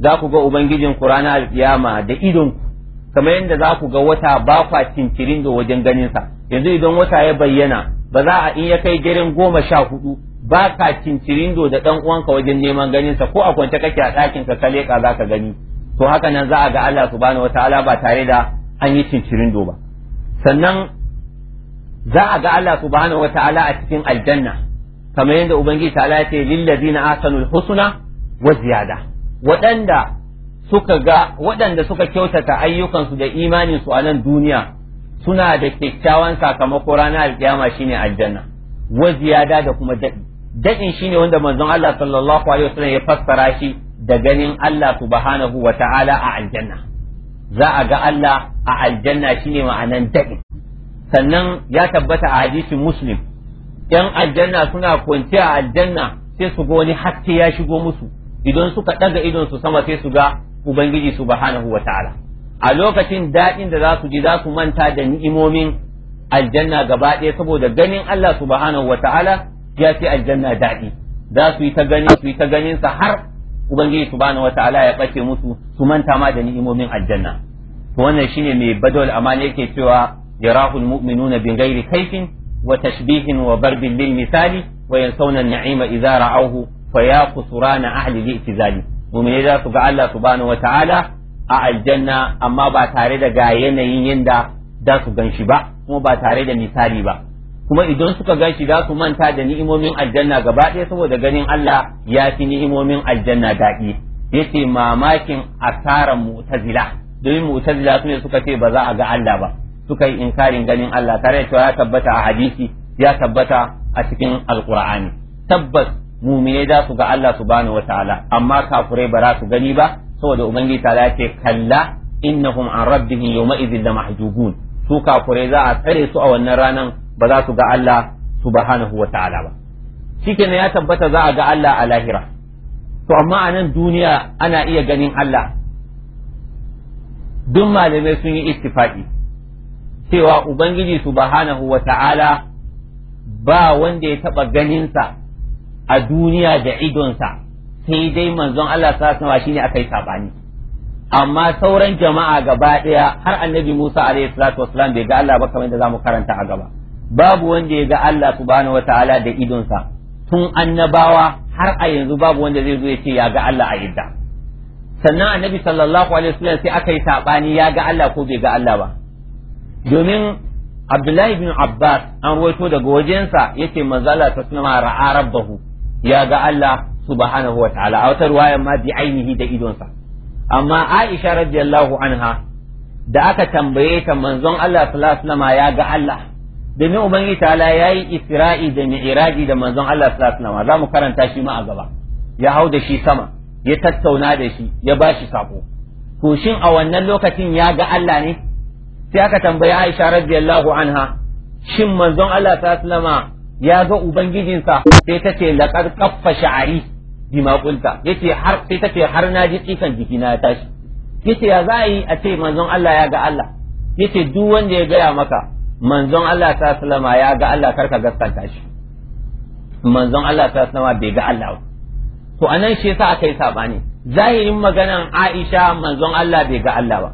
za ku ga ubangijin ku ranar alkiyama da idon ku kamar yadda za ku ga wata bakwa kwa cincirin da wajen ganin yanzu idan wata ya bayyana ba za in ya kai daren goma sha hudu baka cincirindo da ɗan'uwanka uwanka wajen neman ganinsa ko a kwance kake a ɗakinka ka kale za ka gani to haka nan za a ga Allah subhanahu wataala ba tare da an yi cincirin ba sannan za a ga Allah subhanahu wataala a cikin aljanna kamar yadda ubangiji ta ya ce lillazina ahsanul husna wa ziyada waɗanda suka ga suka kyautata ayyukansu da imanin su a nan duniya suna da kyakkyawan sakamako ranar alkiyama shine aljanna wa ziyada da kuma daɗi daɗin shine wanda manzon Allah sallallahu alaihi wasallam ya fassara shi da ganin Allah subhanahu wa ta'ala a aljanna za a ga Allah a aljanna shine ma'anan daɗi sannan ya tabbata a hadisin muslim yan aljanna suna kwance a aljanna sai su ga wani haske ya shigo musu idan suka daga idon su sama sai su ga ubangiji subhanahu wataala a lokacin daɗin da za su ji za su manta da ni'imomin aljanna gaba ɗaya saboda ganin Allah subhanahu wataala ya ce aljanna daɗi za su yi ta gani su yi ta ganin sa har ubangiji subhanahu wataala ya ɓace musu su manta ma da ni'imomin aljanna to wannan shine mai badal amana yake cewa yarahul mu'minuna bi ghairi kaifin وتشبيه وضرب للمثال وينسون النعيم إذا رعوه فيا خسران أهل الاعتزال ومن إذا su bani سبحانه وتعالى a aljanna amma ba tare da ga yanayin yanda za su ba kuma ba tare da misali ba kuma idan suka gan shi za su manta da ni'imomin aljanna gaba ɗaya saboda ganin Allah ya fi ni'imomin aljanna daɗi yace mamakin asaran mu'tazila domin mu'tazila su ne suka ce ba za a ga Allah ba suka yi inkarin ganin Allah tare da cewa ya tabbata a hadisi ya tabbata a cikin alkur'ani tabbas mumine za su ga Allah subhanahu wataala amma kafurai ba za su gani ba saboda ubangiji ta ya ce kalla innahum an rabbihim yawma idhin mahjubun su kafurai za a tsare su a wannan ranan ba za su ga Allah subhanahu wataala ba shikenan ya tabbata za a ga Allah a lahira to amma a nan duniya ana iya ganin Allah duk malamai sun yi istifadi cewa ubangiji subhanahu wa ta'ala ba wanda ya taɓa ganinsa a duniya da idonsa sai dai manzon Allah sallallahu alaihi shine akai sabani amma sauran jama'a gaba daya har annabi Musa alaihi salatu bai ga Allah ba kamar da zamu karanta a gaba babu wanda ya ga Allah subhanahu wa ta'ala da idonsa tun annabawa har a yanzu babu wanda zai zo ya ce ya ga Allah a yadda sannan annabi sallallahu alaihi wasallam sai aka yi sabani ya ga Allah ko bai ga Allah ba domin Abdullahi bin Abbas an ruwaito daga wajensa yake manzala ta suna ra'a rabbahu ya ga Allah subhanahu wa ta'ala a wata ruwayan ma bi ainihi da idonsa amma Aisha radiyallahu anha da aka tambaye ta manzon Allah sallallahu alaihi ya ga Allah domin ubangiji ta'ala yayi isra'i da mi'raji da manzon Allah sallallahu alaihi za mu karanta shi ma a gaba ya hau da shi sama ya tattauna da shi ya bashi sako to shin a wannan lokacin ya ga Allah ne sai aka tambayi Aisha radiyallahu anha shin manzon Allah ta sallama ya ga ubangijinsa sai ta ce laqad kaffa sha'ari bima qulta yace har sai ta ce har na ji tsikan na ya tashi yace ya za yi a ce manzon Allah ya ga Allah yace duk wanda ya gaya maka manzon Allah ta sallama ya ga Allah karka gaskanta shi manzon Allah ta sallama bai ga Allah ba to anan shi yasa aka yi sabani zahirin maganan Aisha manzon Allah bai ga Allah ba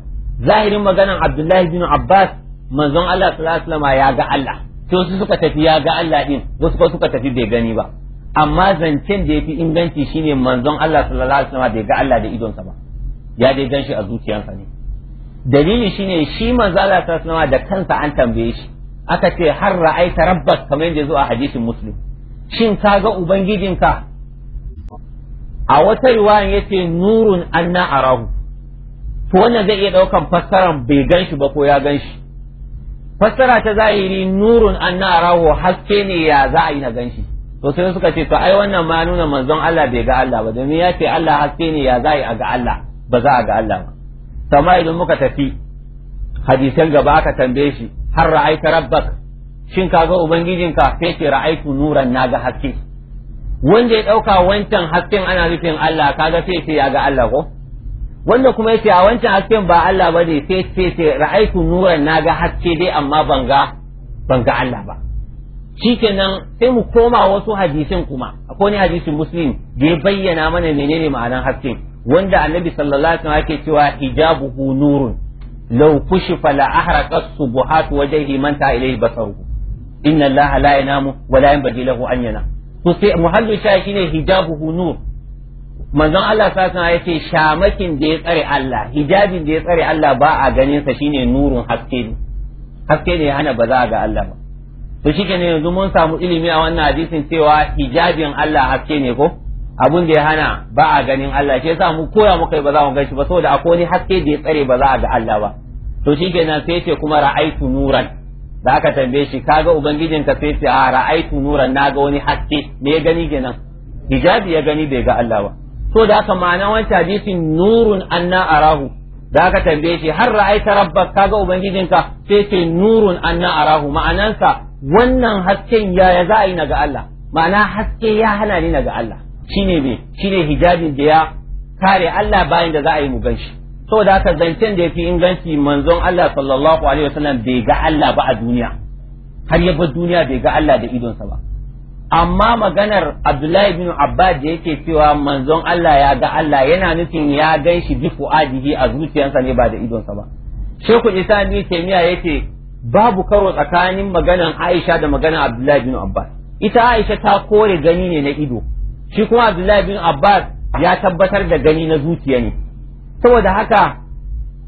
zahirin maganan Abdullahi bin Abbas manzon Allah sallallahu alaihi ya ga Allah to su suka tafi ya ga Allah din wasu ko suka tafi bai gani ba amma zancen da yafi inganci shine manzon Allah sallallahu alaihi bai ga Allah da idonsa ba ya dai gan shi a zuciyarsa ne dalili shine shi manzon Allah sallallahu da kansa an tambaye shi aka ce har ra'aita rabbak kamar yadda zuwa hadisin muslim shin ka ga ubangijinka a wata riwayan yace nurun anna arahu to wannan zai iya ɗaukan fassaran bai gan shi ba ko ya gan shi fassara ta zahiri nurun an rawo haske ne ya za a yi na gan shi to sai suka ce to ai wannan ma nuna manzon Allah bai ga Allah ba domin ya ce Allah haske ne ya za a yi a ga Allah ba za a ga Allah ba sama idan muka tafi hadisan gaba aka tambaye shi har ra'aita rabbak shin ka ga ubangijinka sai ce ra'aitu nuran na ga haske wanda ya ɗauka wancan hasken ana nufin Allah kaga sai ce ya ga Allah ko wanda kuma yace a wancan hasken ba Allah bane sai ce ce nura nuran naga haske dai amma ban ga ban ga Allah ba shikenan sai mu koma wasu hadisin kuma akwai wani hadisin muslim da ya bayyana mana menene ma'anar haske. wanda annabi sallallahu alaihi wasallam yake cewa hijabuhu nurun law kushifa la ahraqa subuhat wajhi man ta ilayhi basaruhu inna allaha la yanamu wa la lahu an yana to sai muhallu sha shine hijabuhu nurun manzon Allah sasa ya ce shamakin da ya tsare Allah hijabin da ya tsare Allah ba a ganin sa shine nurun haske ne haske ne hana ba za ga Allah ba to shike ne yanzu mun samu ilimi a wannan hadisin cewa hijabin Allah haske ne ko abun da ya hana ba a ganin Allah shi yasa mu koya muka ba za mu ganshi ba saboda akwai wani haske da ya tsare ba za a ga Allah ba to shike nan sai ce kuma ra'aitu nuran da aka tambaye shi kaga ubangijinka sai ce a ra'aitu nuran ga wani haske me ya gani kenan hijabi ya gani bai ga Allah ba so da aka ma'ana wancan hadisin nurun anna arahu da aka tambaye shi har ra'aita ka kaga ubangijinka sai ce nurun anna arahu ma'anansa wannan hasken yaya za a yi naga Allah ma'ana haske ya hana ni naga Allah shine me shine hijabin da ya kare Allah bayan da za a yi mu ganshi da aka zancen da yafi inganci manzon Allah sallallahu alaihi wasallam bai ga Allah ba a duniya har ya bar duniya bai ga Allah da idonsa ba amma maganar abdullahi bin abbas da yake cewa manzon Allah ya ga Allah yana nufin ya gan shi bi fu'adihi a zuciyarsa ne ba da idonsa ba sheku isa ni taimiya yace babu karo tsakanin maganar aisha da maganar abdullahi bin abbas ita aisha ta kore gani ne na ido shi kuma abdullahi bin abbas ya tabbatar da gani na zuciya ne saboda haka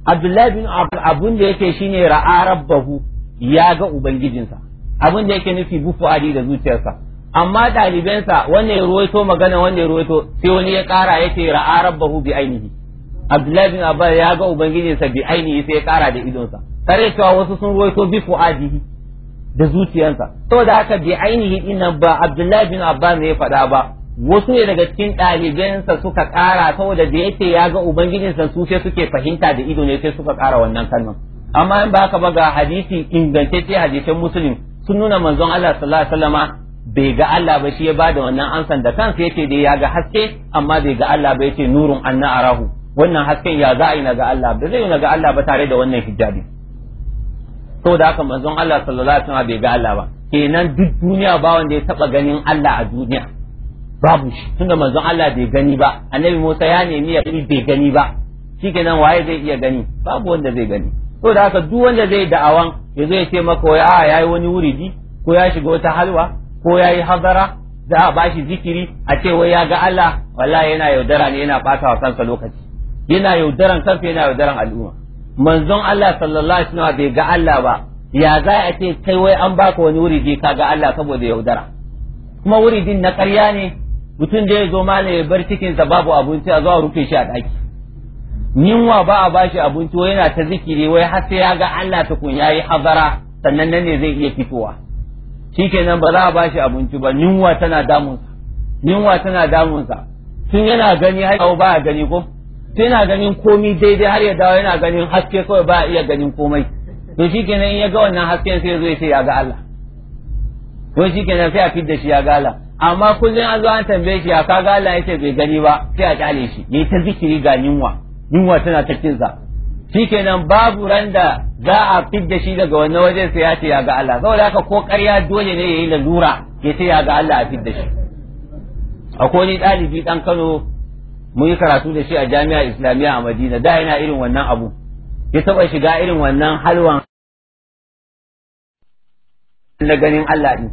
abdullahi bin abbas abun da yake shine ra'a rabbahu ya ga ubangijinsa abun da yake nufi bi fu'adi da zuciyarsa amma ɗalibansa wanda ya ruwaito magana wanda ya ruwaito sai wani ya ƙara ya ce ra'a rabbahu bi ainihi abdullahi bin abbas ya ga ubangijinsa bi ainihi sai ya ƙara da idonsa tare cewa wasu sun ruwaito bi fu'adihi da zuciyansa saboda haka bi ainihi din ba abdullahi bin abbas ne ya faɗa ba wasu ne daga cikin ɗalibansa suka ƙara saboda da yace ya ga ubangijinsa su sai suke fahimta da ido ne sai suka ƙara wannan kalmar amma in ba haka ba ga hadisi ingantacce hadisin musulmi sun nuna manzon Allah sallallahu alaihi wasallama bai ga Allah ba shi ya bada wannan ansan da kansa yace dai ya ga haske amma bai ga Allah ba yace nurun anna arahu wannan hasken ya za a yi na ga Allah ba zai yi na ga Allah ba tare da wannan hijabi saboda haka manzon Allah sallallahu alaihi wasallam bai ga Allah ba kenan duk duniya ba wanda ya taba ganin Allah a duniya babu shi tunda manzon Allah bai gani ba annabi Musa ya nemi ya bai gani ba shikenan waye zai iya gani babu wanda zai gani saboda haka duk wanda zai da'awan ya zo ya ce maka wai ah, a yayi wani wuridi ko ya shiga wata halwa ko ya yi hazara za a bashi zikiri a ce wai ya ga Allah walla yana yaudara ne yana fata wa kansa lokaci yana yaudaran kansa yana yaudaran al'umma manzon Allah sallallahu alaihi wasallam bai ga Allah ba ya za a ce kai wai an baka wani wuri je ka ga Allah saboda yaudara kuma wuri din na ƙarya ne mutum da ya zo ma ya bar cikinsa babu abinci a zuwa rufe shi a daki ninwa ba a bashi abinci wai yana ta zikiri wai har sai ya ga Allah tukun yayi hazara sannan nan ne zai iya fitowa kenan ba za a ba shi abinci ba yunwa tana damunsa yunwa tana damunsa tun yana gani har ba a gani ko tun yana ganin komi daidai har ya dawo yana ganin haske kawai ba iya ganin komai to kenan in ya ga wannan hasken sai zo ya ce ya ga Allah to kenan sai a fidda shi ya ga Allah amma kullum an zo an tambaye shi ya ka ga Allah ce bai gani ba sai a kyale shi yayi ta zikiri ga yunwa yunwa tana ta kinsa shikenan babu randa za a fidda shi daga wannan wajen sai ya ce ya ga Allah saboda haka ko ƙarya dole ne yayi lalura ya ce ya ga Allah a fidda shi akwai ni ɗalibi dan Kano mun yi karatu da shi a jami'a islamiyya a Madina da yana irin wannan abu ya taɓa shiga irin wannan halwan na ganin Allah ɗin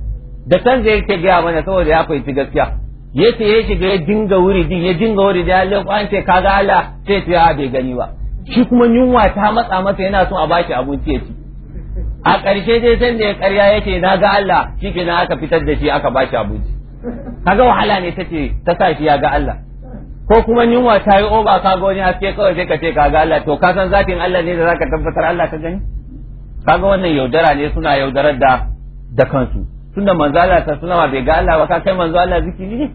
da san zai yake gaya mana saboda ya fahimci gaskiya ya ce ya shiga ya dinga wuri din ya dinga wuri da ya ko an ce kaga Allah sai ya bai gani ba shi kuma yunwa ta matsa masa yana so a shi abinci ya ci a ƙarshe dai san da ya ƙarya yake na ga Allah ke na aka fitar da shi aka shi abinci kaga wahala ne ta ce ta sa shi ya ga Allah ko kuma yunwa ta yi oba ka ga wani haske kawai sai ka ce ka ga Allah to ka san zafin Allah ne da zaka tabbatar Allah ka gani kaga wannan yaudara ne suna yaudarar da da kansu tunda manzo Allah ta bai ga Allah ba ka kai manzo Allah zikiri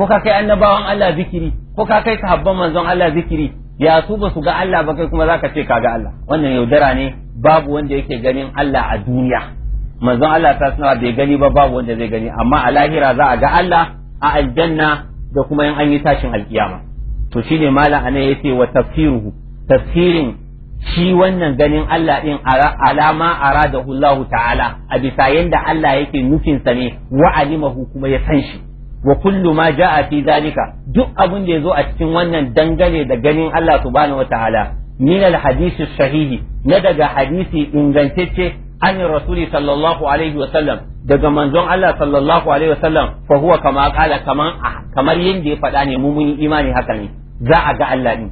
ko ka kai annabawan Allah zikiri ko ka kai sahabban manzon Allah zikiri ya su ba su ga Allah ba kai kuma ka ce ka ga Allah wannan yaudara ne babu wanda yake ganin Allah a duniya manzon Allah ta sanawa bai gani ba babu wanda zai gani amma a lahira za a ga Allah a aljanna da kuma in an yi tashin alkiyama to shine malam anan yace wa tafsiruhu tafsirin shi wannan ganin Allah din alama aradahu Allah ta'ala a bisa yanda Allah yake nufin sa ne wa alimahu kuma ya san shi wa kullu ma ja'a fi zalika duk abin da yazo a cikin wannan dangane da ganin Allah subhanahu wataala min al sahihi na daga hadisi ingantacce an rasuli sallallahu alaihi sallam daga manzon Allah sallallahu alaihi wasallam fa huwa kama qala kaman kamar yanda ya faɗa ne mu mun imani haka ne za a ga Allah din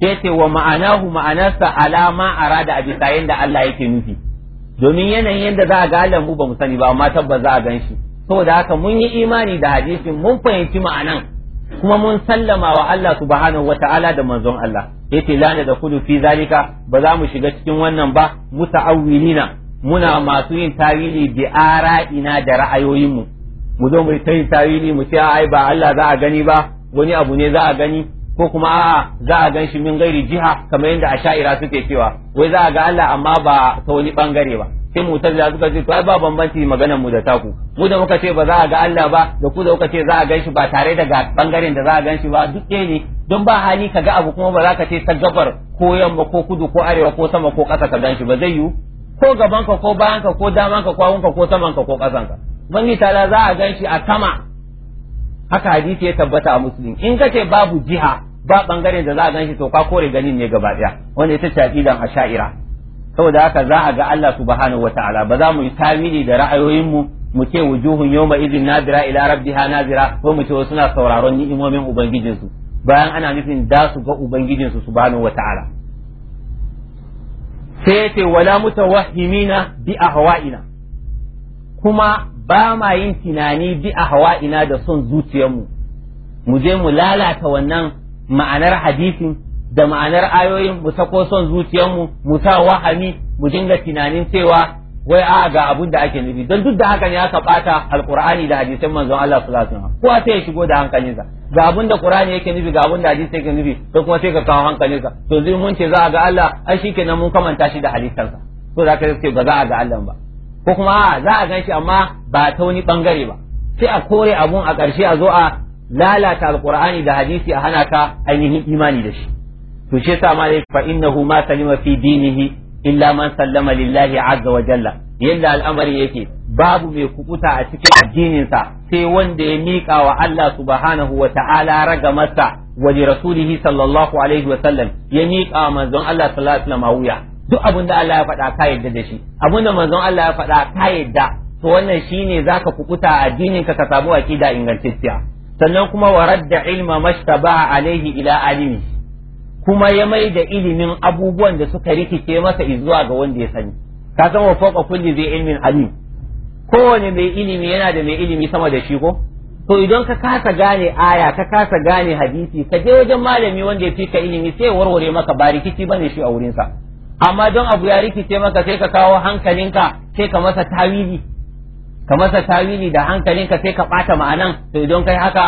sai ce wa ma'anahu ma'anarsa alama arada a bisa yanda Allah yake nufi domin yanayin yanda za a ga Allah mu ba mu sani ba amma tabbas za a gan shi saboda haka mun yi imani da hadisin mun fahimci ma'anan kuma mun sallama wa Allah subhanahu wata'ala da manzon Allah yace la da kudu fi zalika ba za mu shiga cikin wannan ba muta'awwilina muna masu yin tawili bi ara'ina da ra'ayoyinmu mu zo mu ta yin tawili mu ce ai ba Allah za a gani ba wani abu ne za a gani ko kuma a'a za a gan shi min gairi jiha kamar yadda asha'ira suke cewa wai za a ga Allah amma ba ta wani bangare ba sai mu'tazila suka ce to ai ba bambanci maganar mu da taku mu da muka ce ba za a ga Allah ba da ku da kuka ce za a ganshi ba tare da ga bangaren da za a ganshi ba duk ne don ba hali ka ga abu kuma ba za ka ce ta gabar ko yamma ko kudu ko arewa ko sama ko ƙasa ka ganshi ba zai yiwu ko gabanka ko bayanka ko damanka ko hagunka ko samanka ko ƙasanka bangi tala za a ganshi a sama haka hadisi ya tabbata a musulmi in ka ce babu jiha ba bangaren da za a ganshi to ka kore ganin ne gaba ɗaya wanda ita ce a a sha'ira. saboda haka za a ga Allah subhanahu ta'ala ba za mu yi tawili da ra'ayoyin mu ce wujuhun yawma idin nadira ila rabbiha nadira ko mu ce wasu sauraron ni'imomin ubangijinsu bayan ana nufin da su ga ubangijinsu subhanahu ta'ala sai yace wala mutawahhimina bi ahwa'ina kuma ba ma yin tunani bi ahwa'ina da son zuciyarmu mu je mu lalata wannan ma'anar hadisin da ma'anar ayoyin mu sako son zuciyarmu mu sa wahami mu dinga tunanin cewa wai a ga abin da ake nufi don duk da hakan ya aka bata alqur'ani da hadisin manzon Allah sallallahu alaihi wasallam kowa sai ya shigo da hankalinsa ga abin da qur'ani yake nufi ga abin da hadisi yake nufi to kuma sai ka kawo hankalinsa to zai mun ce za a ga Allah ai shikenan mun kamanta shi da halittarsa to za ka ce ba za a ga Allah ba ko kuma a za a ganshi amma ba ta wani bangare ba sai a kore abun a ƙarshe a zo a lalata alqur'ani da hadisi a hana ka ainihin imani da shi to shi yasa ma dai fa innahu ma salima fi dinihi illa man sallama lillahi azza wa jalla yadda al'amari yake babu mai kukuta a cikin addininsa sai wanda ya mika wa Allah subhanahu wa ta'ala ragamarsa wa li rasulihi sallallahu alaihi wa sallam ya miƙa wa manzon Allah sallallahu alaihi wa wuya duk abin da Allah ya faɗa ka yadda da shi abin da manzon Allah ya faɗa ka yadda to wannan shine zaka kukuta a addinin ka ka samu aqida ingantacciya sannan kuma wa radda ilma mashtaba alaihi ila alimi kuma ya mai da ilimin abubuwan da suka rikice masa izuwa ga wanda ya sani ka san wa kulli zai ilmin alim kowane mai ilimi yana da mai ilimi sama da shi ko to idan ka kasa gane aya ka kasa gane hadisi ka je wajen malami wanda ya fi ka ilimi sai warware maka ba rikici bane shi a wurinsa amma don abu ya rikice maka sai ka kawo hankalinka sai ka masa tawili ka masa tawili da hankalinka sai ka bata ma'anan to idan kai haka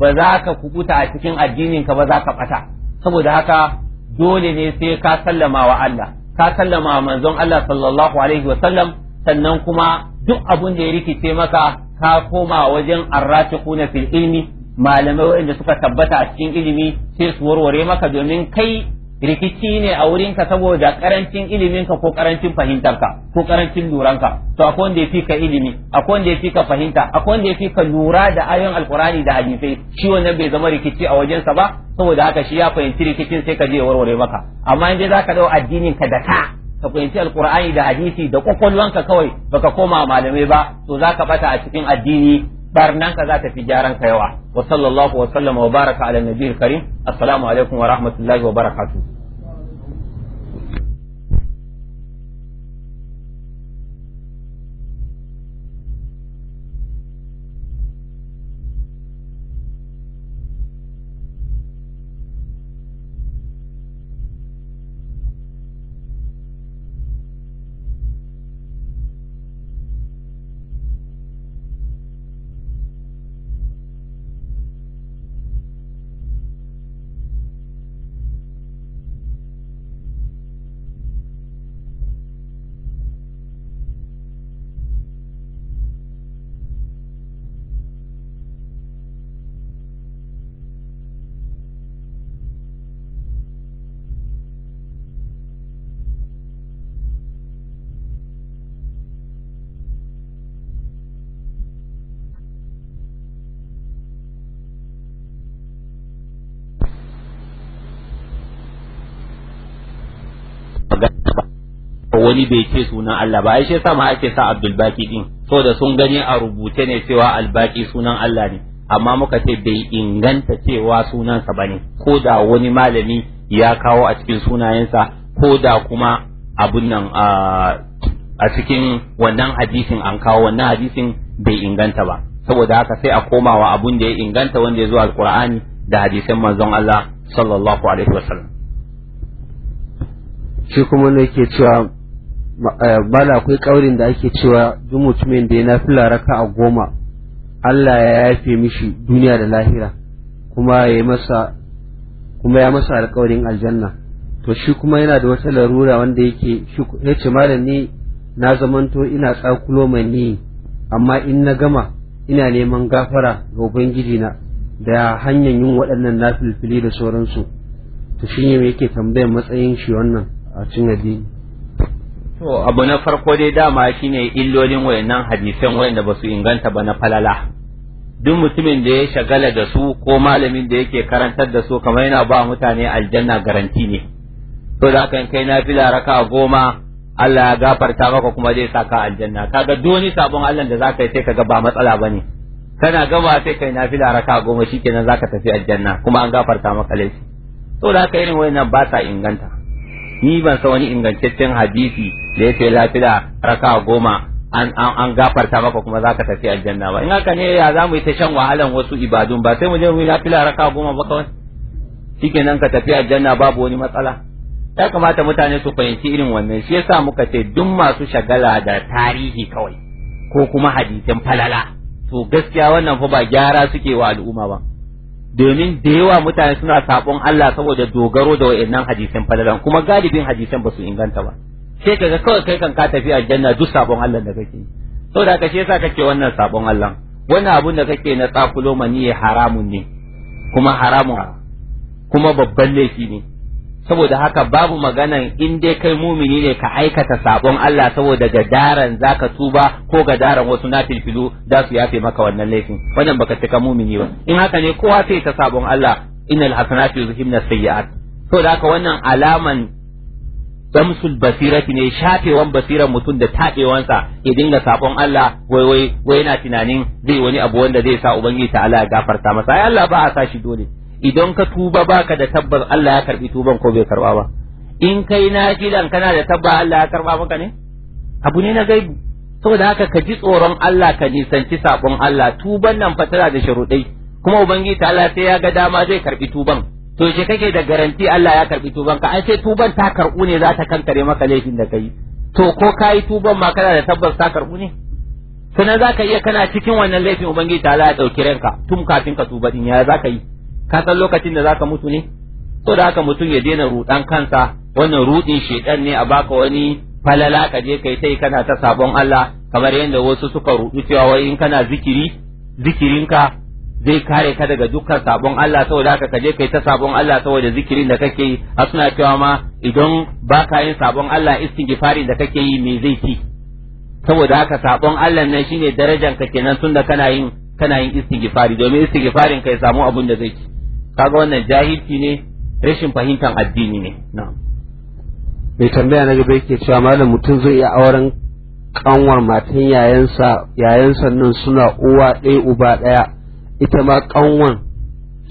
ba za ka kubuta a cikin addinin ka ba za ka bata saboda haka dole ne sai ka sallama wa Allah ka sallama wa manzon Allah sallallahu alaihi wa sallam sannan kuma duk abun da ya rikice maka ka koma wajen arrafiquna fil ilmi malamai waɗanda suka tabbata a cikin ilimi sai su warware maka domin kai rikici ne a wurinka saboda karancin iliminka ko karancin fahimtarka ko karancin luranka to akwai wanda ya ka ilimi akwai wanda ya ka fahimta akwai wanda ya ka lura da ayoyin alkurani da hadisi shi wannan bai zama rikici a wajensa ba saboda haka shi ya fahimci rikicin sai ka je warware maka amma in dai zaka dau addinin ka da ka ka fahimci alkur'ani da hadisi da ka kawai baka koma malamai ba to zaka bata a cikin addini ka za ta fi gyaran ka yawa wa sallallahu wa sallama wa baraka ala nabiyil karim assalamu alaikum wa rahmatullahi wa barakatuh wani bai ce sunan Allah ba ai shi yasa ake sa Abdul Baki din saboda sun gani a rubuce ne cewa albaki sunan Allah ne amma muka ce bai inganta cewa sunansa bane ko da wani malami ya kawo a cikin sunayensa ko da kuma abun nan a cikin wannan hadisin an kawo wannan hadisin bai inganta ba saboda haka sai a komawa abun da ya inganta wanda ya zo alqur'ani da hadisan manzon Allah sallallahu alaihi wasallam shi kuma ne ke cewa Eh, bala akwai kaurin da ake cewa duk mutumin da ya nafila raka a goma Allah ya yafe mishi duniya da lahira kuma ya masa kuma ya masa alƙawarin aljanna to shi kuma yana da wata larura wanda yake ya ce malam ni na zamanto ina tsakulo mai ni amma in na gama ina neman gafara ga ubangiji na da hanyar yin waɗannan nafilfili da sauransu to shi ne yake tambayar matsayin shi wannan a cin addini to abu na farko dai dama shine illolin wayannan hadisan wayanda ba su inganta ba na falala duk mutumin da ya shagala da su ko malamin da yake karantar da su kamar yana ba mutane aljanna garanti ne to da kan kai nafila raka goma Allah ya gafarta maka kuma zai saka aljanna kaga doni sabon Allah da zaka yi sai kaga ba matsala bane kana gama sai kai nafila raka goma shikenan zaka tafi aljanna kuma an gafarta maka laifi to da haka irin wayannan ba sa inganta ni ban san wani ingantaccen hadisi da sai lafiya raka goma an gafarta maka kuma zaka tafi aljanna ba in haka ne ya zamu yi ta shan wahalan wasu ibadun ba sai mu je mu yi lafiya raka goma ba kawai shikenan ka tafi aljanna babu wani matsala ya kamata mutane su fahimci irin wannan shi yasa muka ce duk masu shagala da tarihi kawai ko kuma hadisin falala to gaskiya wannan fa ba gyara suke wa al'umma ba domin da yawa mutane suna saɓon Allah saboda dogaro da wayannan hadisan falalan kuma galibin hadisan ba su inganta ba sai ga kawai kai kan ka tafi aljanna duk sabon Allah da kake saboda haka shi yasa kake wannan sabon Allah wannan abun da kake na tsakulo mani haramun ne kuma haramun kuma babban laifi ne saboda haka babu maganan in dai kai mumini ne ka aikata sabon Allah saboda gadaran zaka tuba ko ga gadaran wasu na filfilu za su yafe maka wannan laifin wannan baka cika mumini ba in haka ne kowa sai ta sabon Allah innal hasanatu yuzhibna sayyi'at saboda haka wannan alaman damsul basirati ne shafewan basiran mutum da taɗewansa ya dinga sabon Allah wai wai wai yana tunanin zai wani abu wanda zai sa ubangiji ta'ala ya gafarta masa ai Allah ba a sa shi dole idan ka tuba baka da tabbas Allah ya karbi tuban ko bai karba ba in kai na nafilan kana da tabba Allah ya karba maka ne abu ne na gaibu saboda haka ka ji tsoron Allah ka nisanci sabon Allah tuban nan fa tana da sharuɗai kuma ubangi ta Allah sai ya ga dama zai karbi tuban to shi kake da garanti Allah ya karbi tuban ka ai sai tuban ta karbu ne za ta kankare maka laifin da kai to ko kai tuban ma kana da tabbas ta karbu ne sannan za ka iya kana cikin wannan laifin ubangi ta Allah ya dauki ranka tun kafin ka tuba din ya za ka yi ka san lokacin da zaka mutu ne to da haka mutum ya daina rudan kansa wannan rudin shedan ne a baka wani falala ka je kai sai kana ta sabon Allah kamar yadda wasu suka rudu cewa wai in kana zikiri zikirinka zai kare ka daga dukkan sabon Allah saboda haka ka je kai ta sabon Allah saboda zikirin da kake yi a suna cewa ma idan baka yin sabon Allah istighfarin da kake yi me zai ci saboda haka sabon Allah nan shine darajar ka kenan tunda kana yin kana yin istighfari domin istighfarin kai samu abun da zai ci kaga wannan jahilci ne rashin fahimtar addini ne mai tambaya na gaba yake cewa malam mutum zai iya auren kanwar matan yayansa yayansa nan suna uwa ɗaya uba ɗaya ita ma kanwar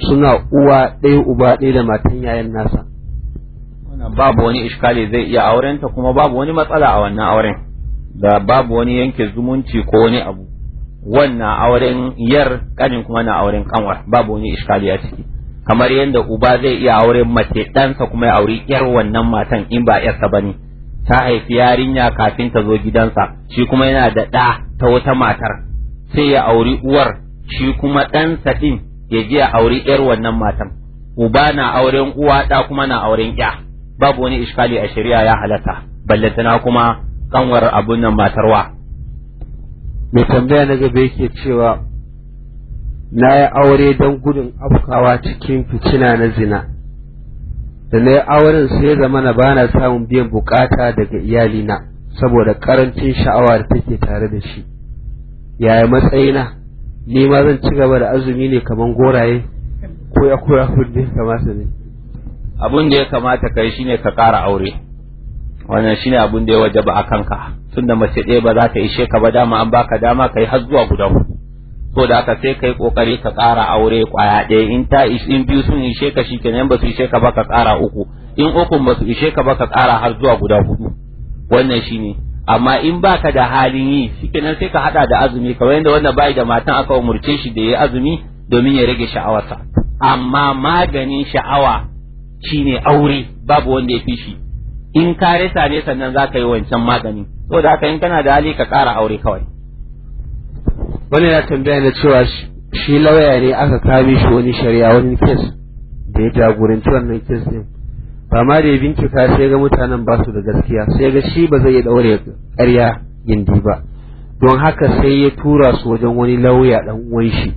suna uwa ɗaya uba ɗaya da matan yayan nasa babu wani iskali zai iya aurenta kuma babu wani matsala a wannan auren da babu wani yanke zumunci ko wani abu wannan auren yar kanin kuma na auren kanwar babu wani iskali a ciki kamar yadda uba zai iya auren mace ɗansa kuma ya auri yar wannan matan in ba ba ne ta haifi yarinya kafin ta zo gidansa shi kuma yana da ɗa ta wata matar sai ya auri uwar shi kuma ɗansa ɗin ya je ya auri yar wannan matan uba na auren uwa ɗa kuma na auren ya babu wani iskali a shari'a ya halatta na kuma kanwar abun nan matarwa mai tambaya na gaba yake cewa na yi aure don gudun afkawa cikin fitina na zina da na yi auren sai zama na bana samun biyan bukata daga iyalina saboda karancin sha'awa da take tare da shi yaya matsayina ni ma zan ci gaba da azumi ne kaman goraye ko ya koya hudu kamata ne abin da ya kamata kai shine ka ƙara aure wannan shine abin da ya wajaba a kanka tunda mace ɗaya ba za ta ishe ka ba dama an baka dama kai har zuwa guda ko da aka sai kai kokari ka ƙara aure kwaya ɗaya in ta in biyu sun ishe ka shikenan ba su ishe ka ba ka ƙara uku in ukun ba su ishe ka ba ka ƙara har zuwa guda hudu wannan shine amma in baka da halin yi shikenan sai ka haɗa da azumi kamar yadda wannan bai da matan aka umurce shi da yayi azumi domin ya rage sha'awarsa amma maganin sha'awa shine aure babu wanda ya fi shi in ka resa ne sannan za ka yi wancan magani saboda haka in kana da hali ka ƙara aure kawai wani ya tambaya na cewa shi lauya ne aka kame shi wani shari'a wani kes da ya jagoranci wannan kes din ba ma da ya bincika sai ga mutanen ba su da gaskiya sai ga shi ba zai iya daure ƙarya gindi ba don haka sai ya tura su wajen wani lauya dan uwan shi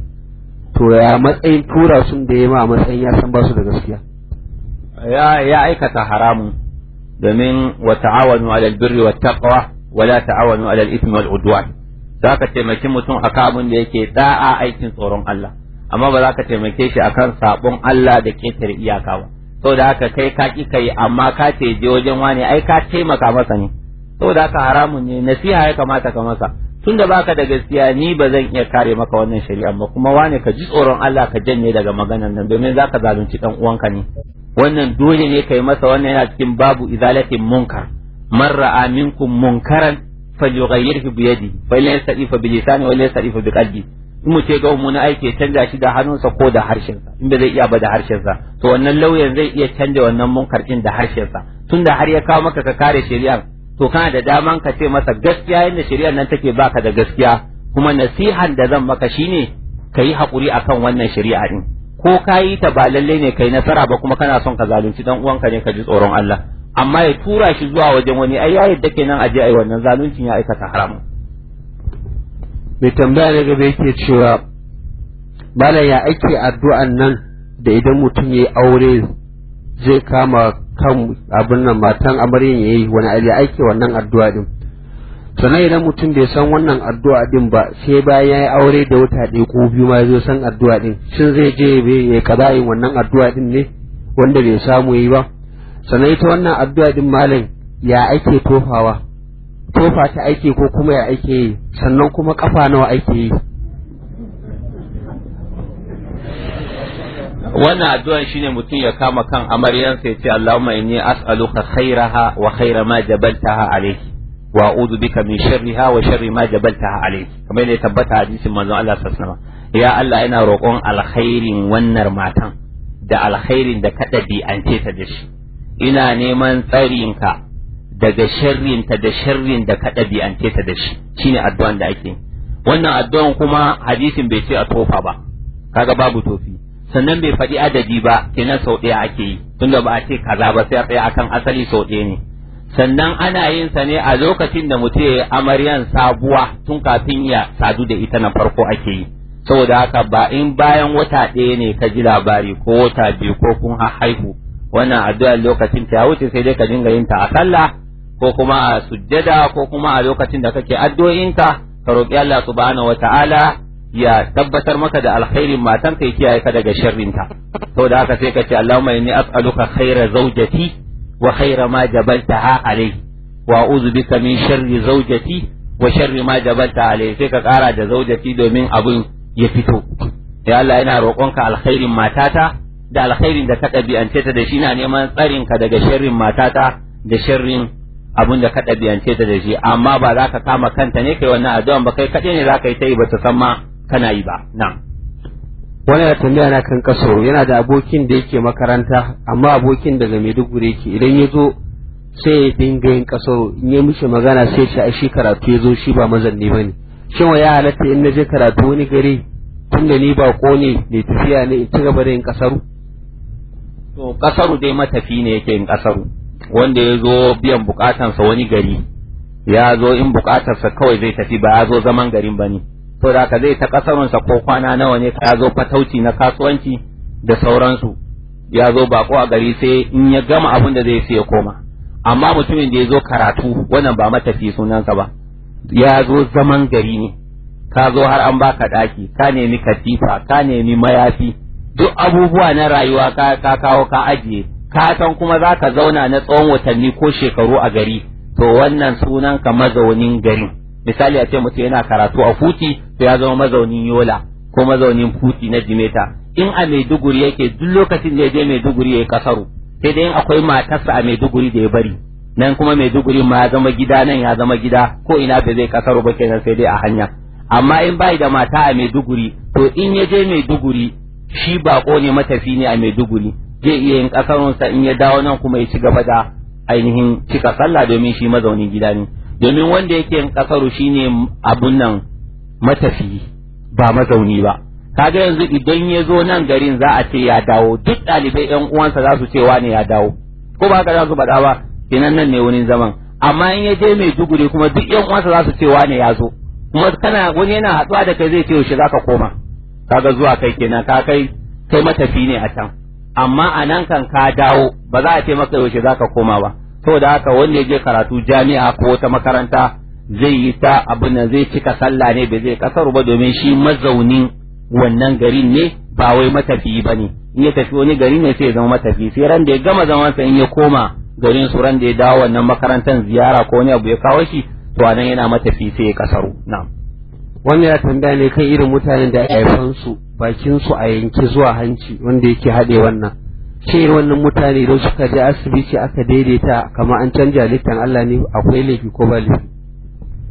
to ya matsayin tura sun da ya ma matsayin ya san ba su da gaskiya ya ya aikata haramu domin wa ta'awanu 'alal birri wat taqwa wa ta'awanu 'alal ithmi wal udwan za ka taimaki mutum a abin da yake da'a aikin tsoron Allah amma ba za ka taimake shi akan sabon Allah da ketare iyaka ba saboda haka kai ka ki kai amma ka ce je wajen wani ai ka taimaka masa ne saboda haka haramun ne nasiha ya kamata ka masa Tun da baka da gaskiya ni ba zan iya kare maka wannan shari'a ba kuma wane ka ji tsoron Allah ka janye daga maganan nan domin zaka zalunci dan uwanka ne wannan dole ne kai masa wannan yana cikin babu izalatin munkar man ra'a munkaran falyughayyirhu bi yadi fa illa yastati fa bi lisani wa illa yastati fa bi qalbi in mu ce ga mu na aiki canja shi da hannunsa ko da sa in ba zai iya ba da sa to wannan lauyan zai iya canja wannan munkar din da harshen sa tunda har ya kawo maka ka kare shari'a to kana da daman ka ce masa gaskiya yadda shari'ar nan take baka da gaskiya kuma nasihan da zan maka shine ka yi haƙuri akan wannan shari'a din ko ka yi ta ba lallai ne kai nasara ba kuma kana son ka zalunci dan uwanka ne ka ji tsoron Allah amma ya tura shi zuwa wajen wani ai ya yadda kenan a ai wannan zaluncin ya aikata haramu. mai tambaya na gaba yake cewa malam ya ake addu'an nan da idan mutum ya yi aure zai kama kan abin nan matan amaryan ya yi wani ya ake wannan addu'a din sannan idan mutum bai san wannan addu'a din ba sai bayan ya yi aure da wata ɗaya ko biyu ma zai san addu'a din shin zai je ya kaza yin wannan addu'a din ne wanda bai samu yi ba sannan ita wannan addu'a din malam ya ake tofawa tofa ta aike ko kuma ya ake yi sannan kuma kafa nawa ake yi wannan addu'an shine mutum ya kama kan amaryansa ya ce Allahumma inni as'aluka khairaha wa khaira ma jabaltaha alayhi wa a'udhu bika min sharriha wa sharri ma jabaltaha alayhi kamar ne tabbata hadisin manzon Allah sallallahu alaihi wasallam ya Allah ina roƙon alkhairin wannan matan da alkhairin da ka dabi'ance ta da shi ina neman tsarinka daga sharrinta da sharrin da ka ɗabi'ance ta da shi shine addu'an da ake wannan addu'an kuma hadisin bai ce a tofa ba kaga babu tofi sannan bai faɗi adadi ba kenan sau ɗaya ake yi tunda ba a ce kaza ba sai a tsaya akan asali sau ɗaya ne sannan ana yin sa ne a lokacin da mutum ya amaryan sabuwa tun kafin ya sadu da ita na farko ake yi saboda haka ba in bayan wata ɗaya ne ka ji labari ko wata biyu ko kun haihu wannan addu'ar lokacin ta wuce sai dai ka dinga yin ta a sallah ko kuma a sujjada ko kuma a lokacin da kake addu'o'inka ka roƙi Allah wata ta'ala ya tabbatar maka da alkhairin matanka ya kiyaye ka daga sharrinta to da haka sai ka ce Allahumma inni as'aluka khaira zawjati wa khaira ma jabaltaha alai wa a'udhu bika min sharri zawjati wa sharri ma jabalta alai sai ka kara da zawjati domin abin ya fito ya Allah ina roƙonka alkhairin matata da alkhairin da ka ɗabi'ance ta da shi na neman tsarin ka daga sharrin matata da sharrin abun da ka ɗabi'ance ta da shi amma ba za ka kama kanta ne kai wannan addu'an ba kai kaɗai ne za ka yi ta yi ba ta san ma kana yi ba na wani da tambaya na kan kaso yana da abokin da yake makaranta amma abokin daga maiduguri yake idan ya zo sai ya dinga yin kaso in ya mishi magana sai ya shi karatu ya zo shi ba mazanni ba ne shin wa ya halatta in na je karatu wani gari tunda ni ba ko ne mai tafiya ne in ci gaba da yin kasaru to kasaru dai matafi ne yake yin kasaru wanda ya zo biyan bukatansa wani gari ya zo in bukatarsa kawai zai tafi ba ya zo zaman garin ba ne to da ka zai ta kasarunsa ko kwana nawa ne ka zo fatauci na kasuwanci da sauransu ya zo bako a gari sai in ya gama abin da zai sai ya koma amma mutumin da ya zo karatu wannan ba matafi sunansa ba ya zo zaman gari ne ka zo har an baka daki ka nemi katifa ka nemi mayafi duk abubuwa na rayuwa ka ka kawo ka ajiye ka san kuma za ka zauna na tsawon watanni ko shekaru a gari to wannan sunan ka mazaunin garin misali a ce mutum yana karatu a futi to ya zama mazaunin yola ko mazaunin futi na jimeta in a maiduguri yake duk lokacin da ya je maiduguri ya yi kasaru sai dai in akwai matarsa a maiduguri da ya bari nan kuma maiduguri ma ya zama gida nan ya zama gida ko ina bai zai kasaru ba kenan sai dai a hanya amma in bai da mata a maiduguri to in ya je maiduguri shi bako ne matafi ne a Maiduguri zai iya yin kasarunsa in ya dawo nan kuma ya ci gaba da ainihin cika sallah domin shi mazaunin gida ne domin wanda yake yin kasaru shine abun nan matafi ba mazauni ba kaga yanzu idan ya zo nan garin za a ce ya dawo duk ɗalibai yan uwansa za su ce wa ne ya dawo ko ba haka za su faɗa ba kenan nan ne wurin zaman amma in ya je Maiduguri kuma duk yan uwansa za su ce wa ne ya zo kuma kana wani yana hatsuwa da kai zai ce yaushe zaka koma kaga zuwa kai kenan ka kai kai matafi ne a can amma a nan kan ka dawo ba za a ce maka yaushe za ka koma ba saboda haka wanda ya je karatu jami'a ko wata makaranta zai yi ta abin nan zai cika sallah ne bai zai kasar ba domin shi mazaunin wannan garin ne ba wai matafi ba ne in ya tafi wani gari ne sai ya zama matafi sai ran da ya gama sa in ya koma garin su ran da ya dawo wannan makarantar ziyara ko wani abu ya kawo shi to anan yana matafi sai ya kasaru na'am wannan ya tambaya ne kan irin mutanen da haifan su bakin a yanki zuwa hanci wanda yake haɗe wannan ce wannan mutane don suka je asibiti aka daidaita kamar an canja halittan Allah ne akwai laifi ko ba laifi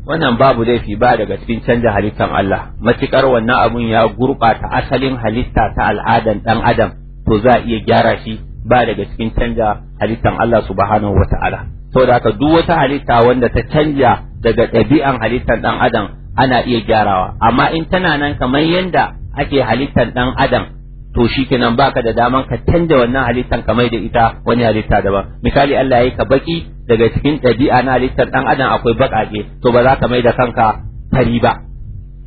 wannan babu laifi ba daga cikin canja halittan Allah matukar wannan abun ya gurɓata asalin halitta ta al'adan dan adam to za a iya gyara shi ba daga cikin canja halittan Allah subhanahu wata'ala saboda haka duk wata halitta wanda ta canja daga ɗabi'an halittar ɗan adam ana iya gyarawa amma in tana nan kamar yadda ake halittar dan adam to shi kenan baka da daman ka canja wannan halittan kamar da ita wani halitta daban misali Allah yayi ka baki daga cikin ɗabi'a na halittar dan adam akwai bakake to ba za ka mai da kanka fari ba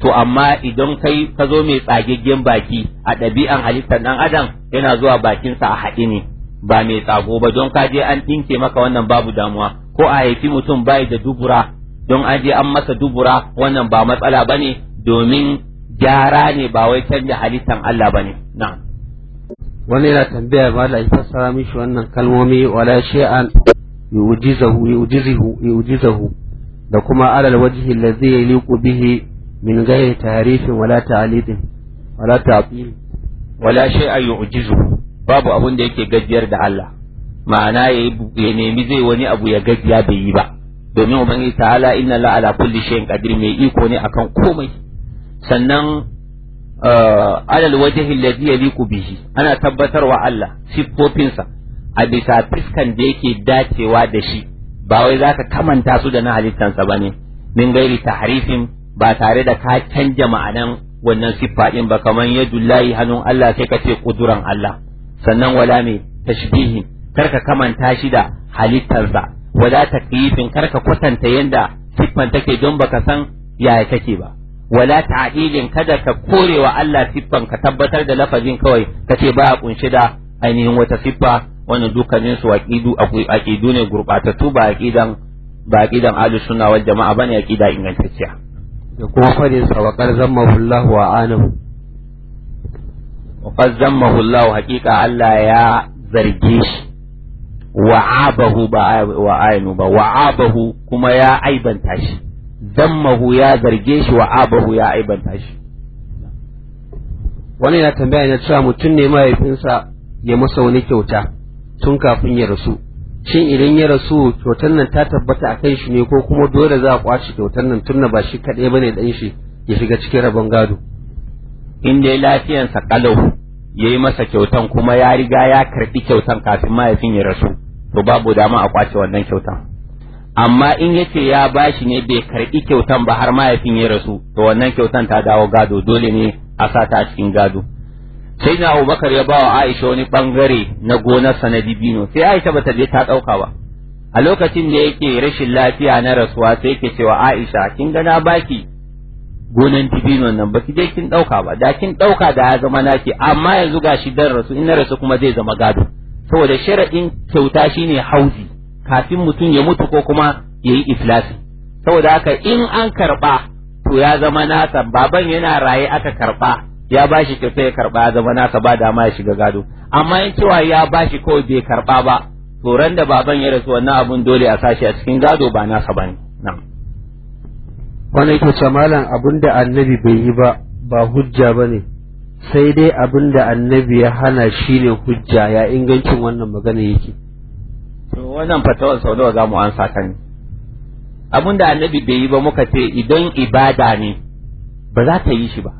to amma idan kai ka zo mai tsagaggen baki a ɗabi'an halittar dan adam yana zuwa bakin sa a haɗi ne ba mai tsago ba don ka je an ɗinke maka wannan babu damuwa ko a haifi mutum bai da dubura don aje an masa dubura wannan ba matsala ba ne domin gyara ne ba wai canja halittar Allah ba ne. wani yana tambaya ba da fassara mishi wannan kalmomi wala shay'an yu'jizahu da kuma alal wajhi allazi yaliqu bihi min ghairi tahrifin wala ta'lidin wala ta'til wala shay'an yu'jizuhu babu abun da yake gajiyar da Allah ma'ana ya nemi zai wani abu ya gajiya bai yi ba domin ubangiji ta'ala inna la ala kulli shay'in qadir mai iko ne akan komai sannan eh, alal wajhi alladhi yaliqu bihi ana tabbatarwa Allah siffofinsa a bisa fiskan da yake dacewa da shi ba wai zaka kamanta su da na halittansa bane min gairi tahrifin ba tare da ka canja ma'anan wannan siffa din ba kaman yadullahi hannun Allah sai ka ce kuduran Allah sannan wala mai tashbihi karka kamanta shi da halittarsa wala takyifin karka kwatanta yadda siffan take don baka san yaya take ba wala ta'dilin kada ka korewa Allah siffan ka tabbatar da lafazin kawai kace ba a kunshi da ainihin wata siffa wannan dukkanin su aqidu aqidu ne gurbatattu ba aqidan ba aqidan ahli sunna wal jama'a bane aqida ingantacciya da kuma fare sa zammahullah Allah wa anahu wa qad zammahullah haqiqa Allah ya zargi. shi wa'abahu ba wa'ainu ba wa'abahu kuma ya aibanta shi dammahu ya zarge shi wa'abahu ya aibanta shi wani yana tambaya na cewa mutum ne mahaifinsa ya masa wani kyauta tun kafin ya rasu shin idan ya rasu kyautar nan ta tabbata a kai shi ne ko kuma dole za a kwace kyautar nan tunna ba shi kaɗai bane dan shi ya shiga cikin rabon gado in dai lafiyansa kalau ya yi masa kyautan kuma ya riga ya karɓi kyautan kafin mahaifin ya rasu to babu dama a kwace wannan kyautan amma in yace ya bashi ne bai karɓi kyautan ba har mahaifin ya rasu to wannan kyautan ta dawo gado dole ne a sa ta a cikin gado sai na abubakar ya bawa aisha wani bangare na gonarsa na dibino sai aisha bata je ta ɗauka ba a lokacin da yake rashin lafiya na rasuwa sai yake cewa aisha kin ga na baki gonan dibinon nan ba ki je kin ɗauka ba da kin ɗauka da ya zama naki amma yanzu shi dan rasu in na rasu kuma zai zama gado saboda sharadin kyauta shine hauzi kafin mutum ya mutu ko kuma yayi iflasi saboda haka in an karba to ya zama nasa baban yana raye aka karba ya bashi kyauta ya karba ya zama nasa ba dama ya shiga gado amma in cewa ya bashi kawai bai karba ba to ran da baban ya rasu wannan abun dole a sashi a cikin gado ba nasa bane wannan ke ce malam abinda annabi bai yi ba ba hujja ba ne sai dai abinda annabi ya hana shi ne hujja ya ingancin wannan magana yake to wannan fatawar sau nawa za mu ansa ta ne abinda annabi bai yi ba muka ce idan ibada ne ba za ta yi shi ba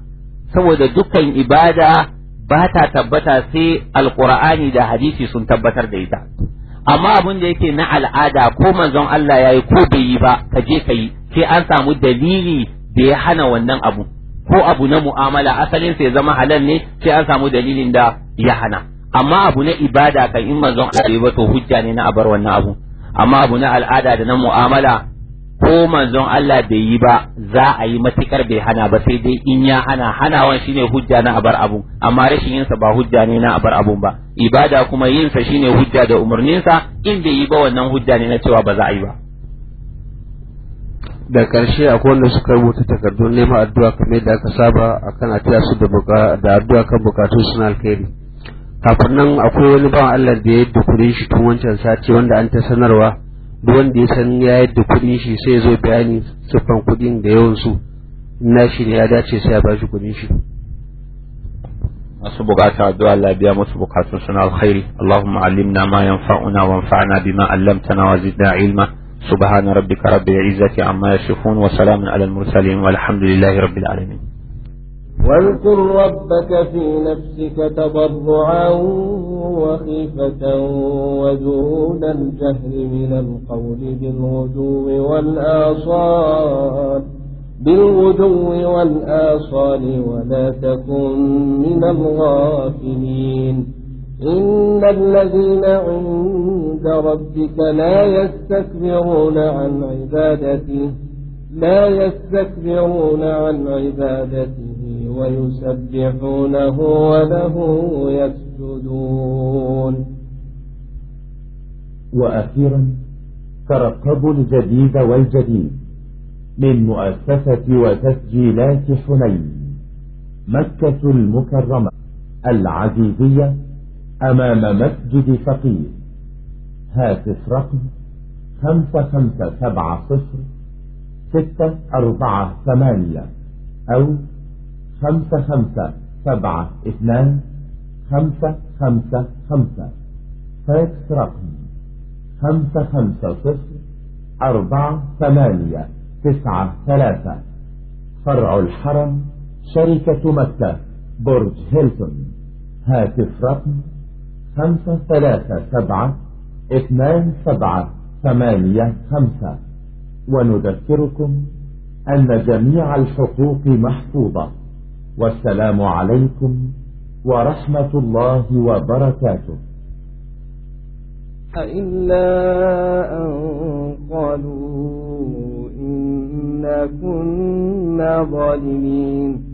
saboda dukkan ibada ba ta tabbata sai alkur'ani da hadisi sun tabbatar da ita amma abin da yake na al'ada ko manzon Allah ya yi ko bai yi ba ka je ka yi sai an samu dalili da ya hana wannan abu ko abu na mu'amala asalin sai zama halal ne sai an samu dalilin da ya hana amma abu na ibada kan in manzon Allah ba to hujja ne na bar wannan abu amma abu na al'ada da na mu'amala ko manzon Allah bai yi ba za a yi matukar bai hana ba sai dai in ya hana hanawan shine hujja na abar abu amma rashin yinsa ba hujja ne na abar abun ba ibada kuma yinsa shine hujja da umarninsa in bai yi ba wannan hujja ne na cewa ba za a yi ba da ƙarshe akwai wanda suka rubuta takardun neman addu'a kamar da aka saba akan a taya su da addu'a kan bukatu suna alkhairi kafin nan akwai wani ban Allah da ya yadda kuɗin shi tun wancan sati wanda an ta sanarwa duk wanda ya san ya yadda kuɗin shi sai ya zo bayani siffan kuɗin da yawan su na shi ne ya dace sai ya ba shi kuɗin shi masu bukatar addu'a Allah biya musu bukatun suna alkhairi Allahumma alimna ma yanfa'una wanfa'na bima allamtana wa zidna ilma سبحان ربك رب العزة عما يصفون وسلام على المرسلين والحمد لله رب العالمين واذكر ربك في نفسك تضرعا وخيفة ودون الجهل من القول بالغدو والآصال بالغدو والآصال ولا تكن من الغافلين إن الذين عند ربك لا يستكبرون عن عبادته لا يستكبرون عن عبادته ويسبحونه وله يسجدون وأخيرا ترقبوا الجديد والجديد من مؤسسة وتسجيلات حنين مكة المكرمة العزيزية أمام مسجد فقيه هاتف رقم خمسة خمسة سبعة صفر ستة أربعة ثمانية أو خمسة خمسة سبعة اثنان خمسة خمسة خمسة فاكس رقم خمسة خمسة صفر أربعة ثمانية تسعة ثلاثة فرع الحرم شركة مكة برج هيلتون هاتف رقم خمسة ثلاثة سبعة اثنان سبعة ثمانية خمسة ونذكركم أن جميع الحقوق محفوظة والسلام عليكم ورحمة الله وبركاته إلا أن قالوا إنا كنا ظالمين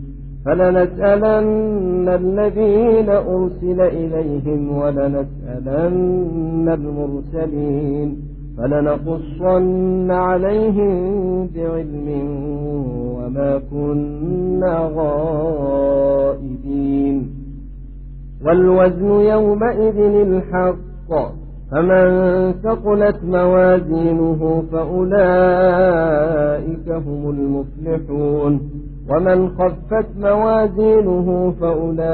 فلنسألن الذين أرسل إليهم ولنسألن المرسلين فلنقصن عليهم بعلم وما كنا غائبين والوزن يومئذ الحق فمن ثقلت موازينه فأولئك هم المفلحون ومن خفت موازينه فأولئك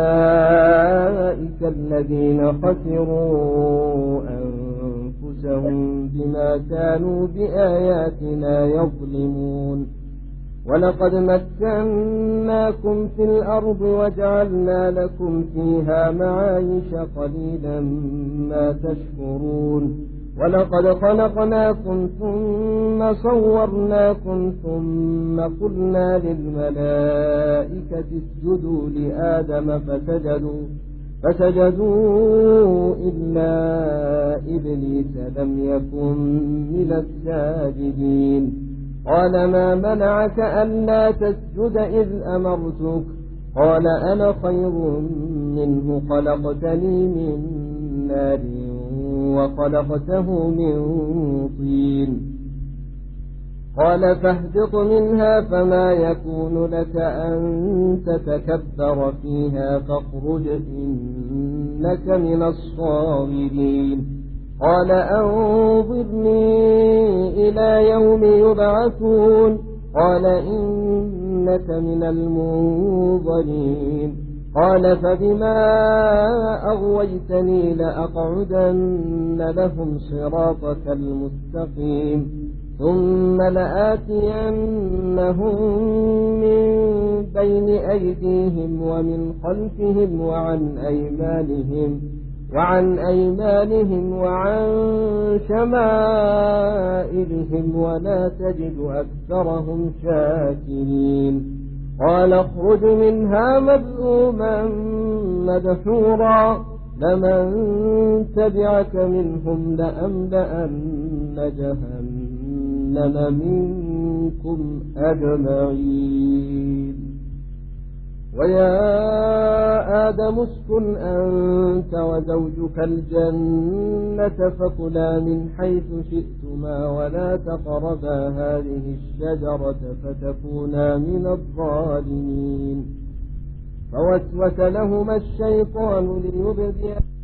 الذين خسروا أنفسهم بما كانوا بآياتنا يظلمون ولقد مكناكم في الأرض وجعلنا لكم فيها معايش قليلا ما تشكرون ولقد خلقناكم ثم صورناكم ثم قلنا للملائكة اسجدوا لآدم فسجدوا فسجدوا إلا إبليس لم يكن من الساجدين قال ما منعك ألا تسجد إذ أمرتك قال أنا خير منه خلقتني من نار وخلقته من طين قال فاهبط منها فما يكون لك أن تتكبر فيها فاخرج إنك من الصاغرين قال أنظرني إلى يوم يبعثون قال إنك من المنظرين قال فبما أغويتني لأقعدن لهم صراطك المستقيم ثم لآتينهم من بين أيديهم ومن خلفهم وعن أيمانهم وعن أيمانهم وعن شمائلهم ولا تجد أكثرهم شاكرين قال اخرج منها مذءوما مدحورا لمن تبعك منهم لأملأن جهنم منكم أجمعين ويا آدم اسكن أنت وزوجك الجنة فكلا من حيث شئتما ولا تقربا هذه الشجرة فتكونا من الظالمين فوسوس لهما الشيطان ليبدي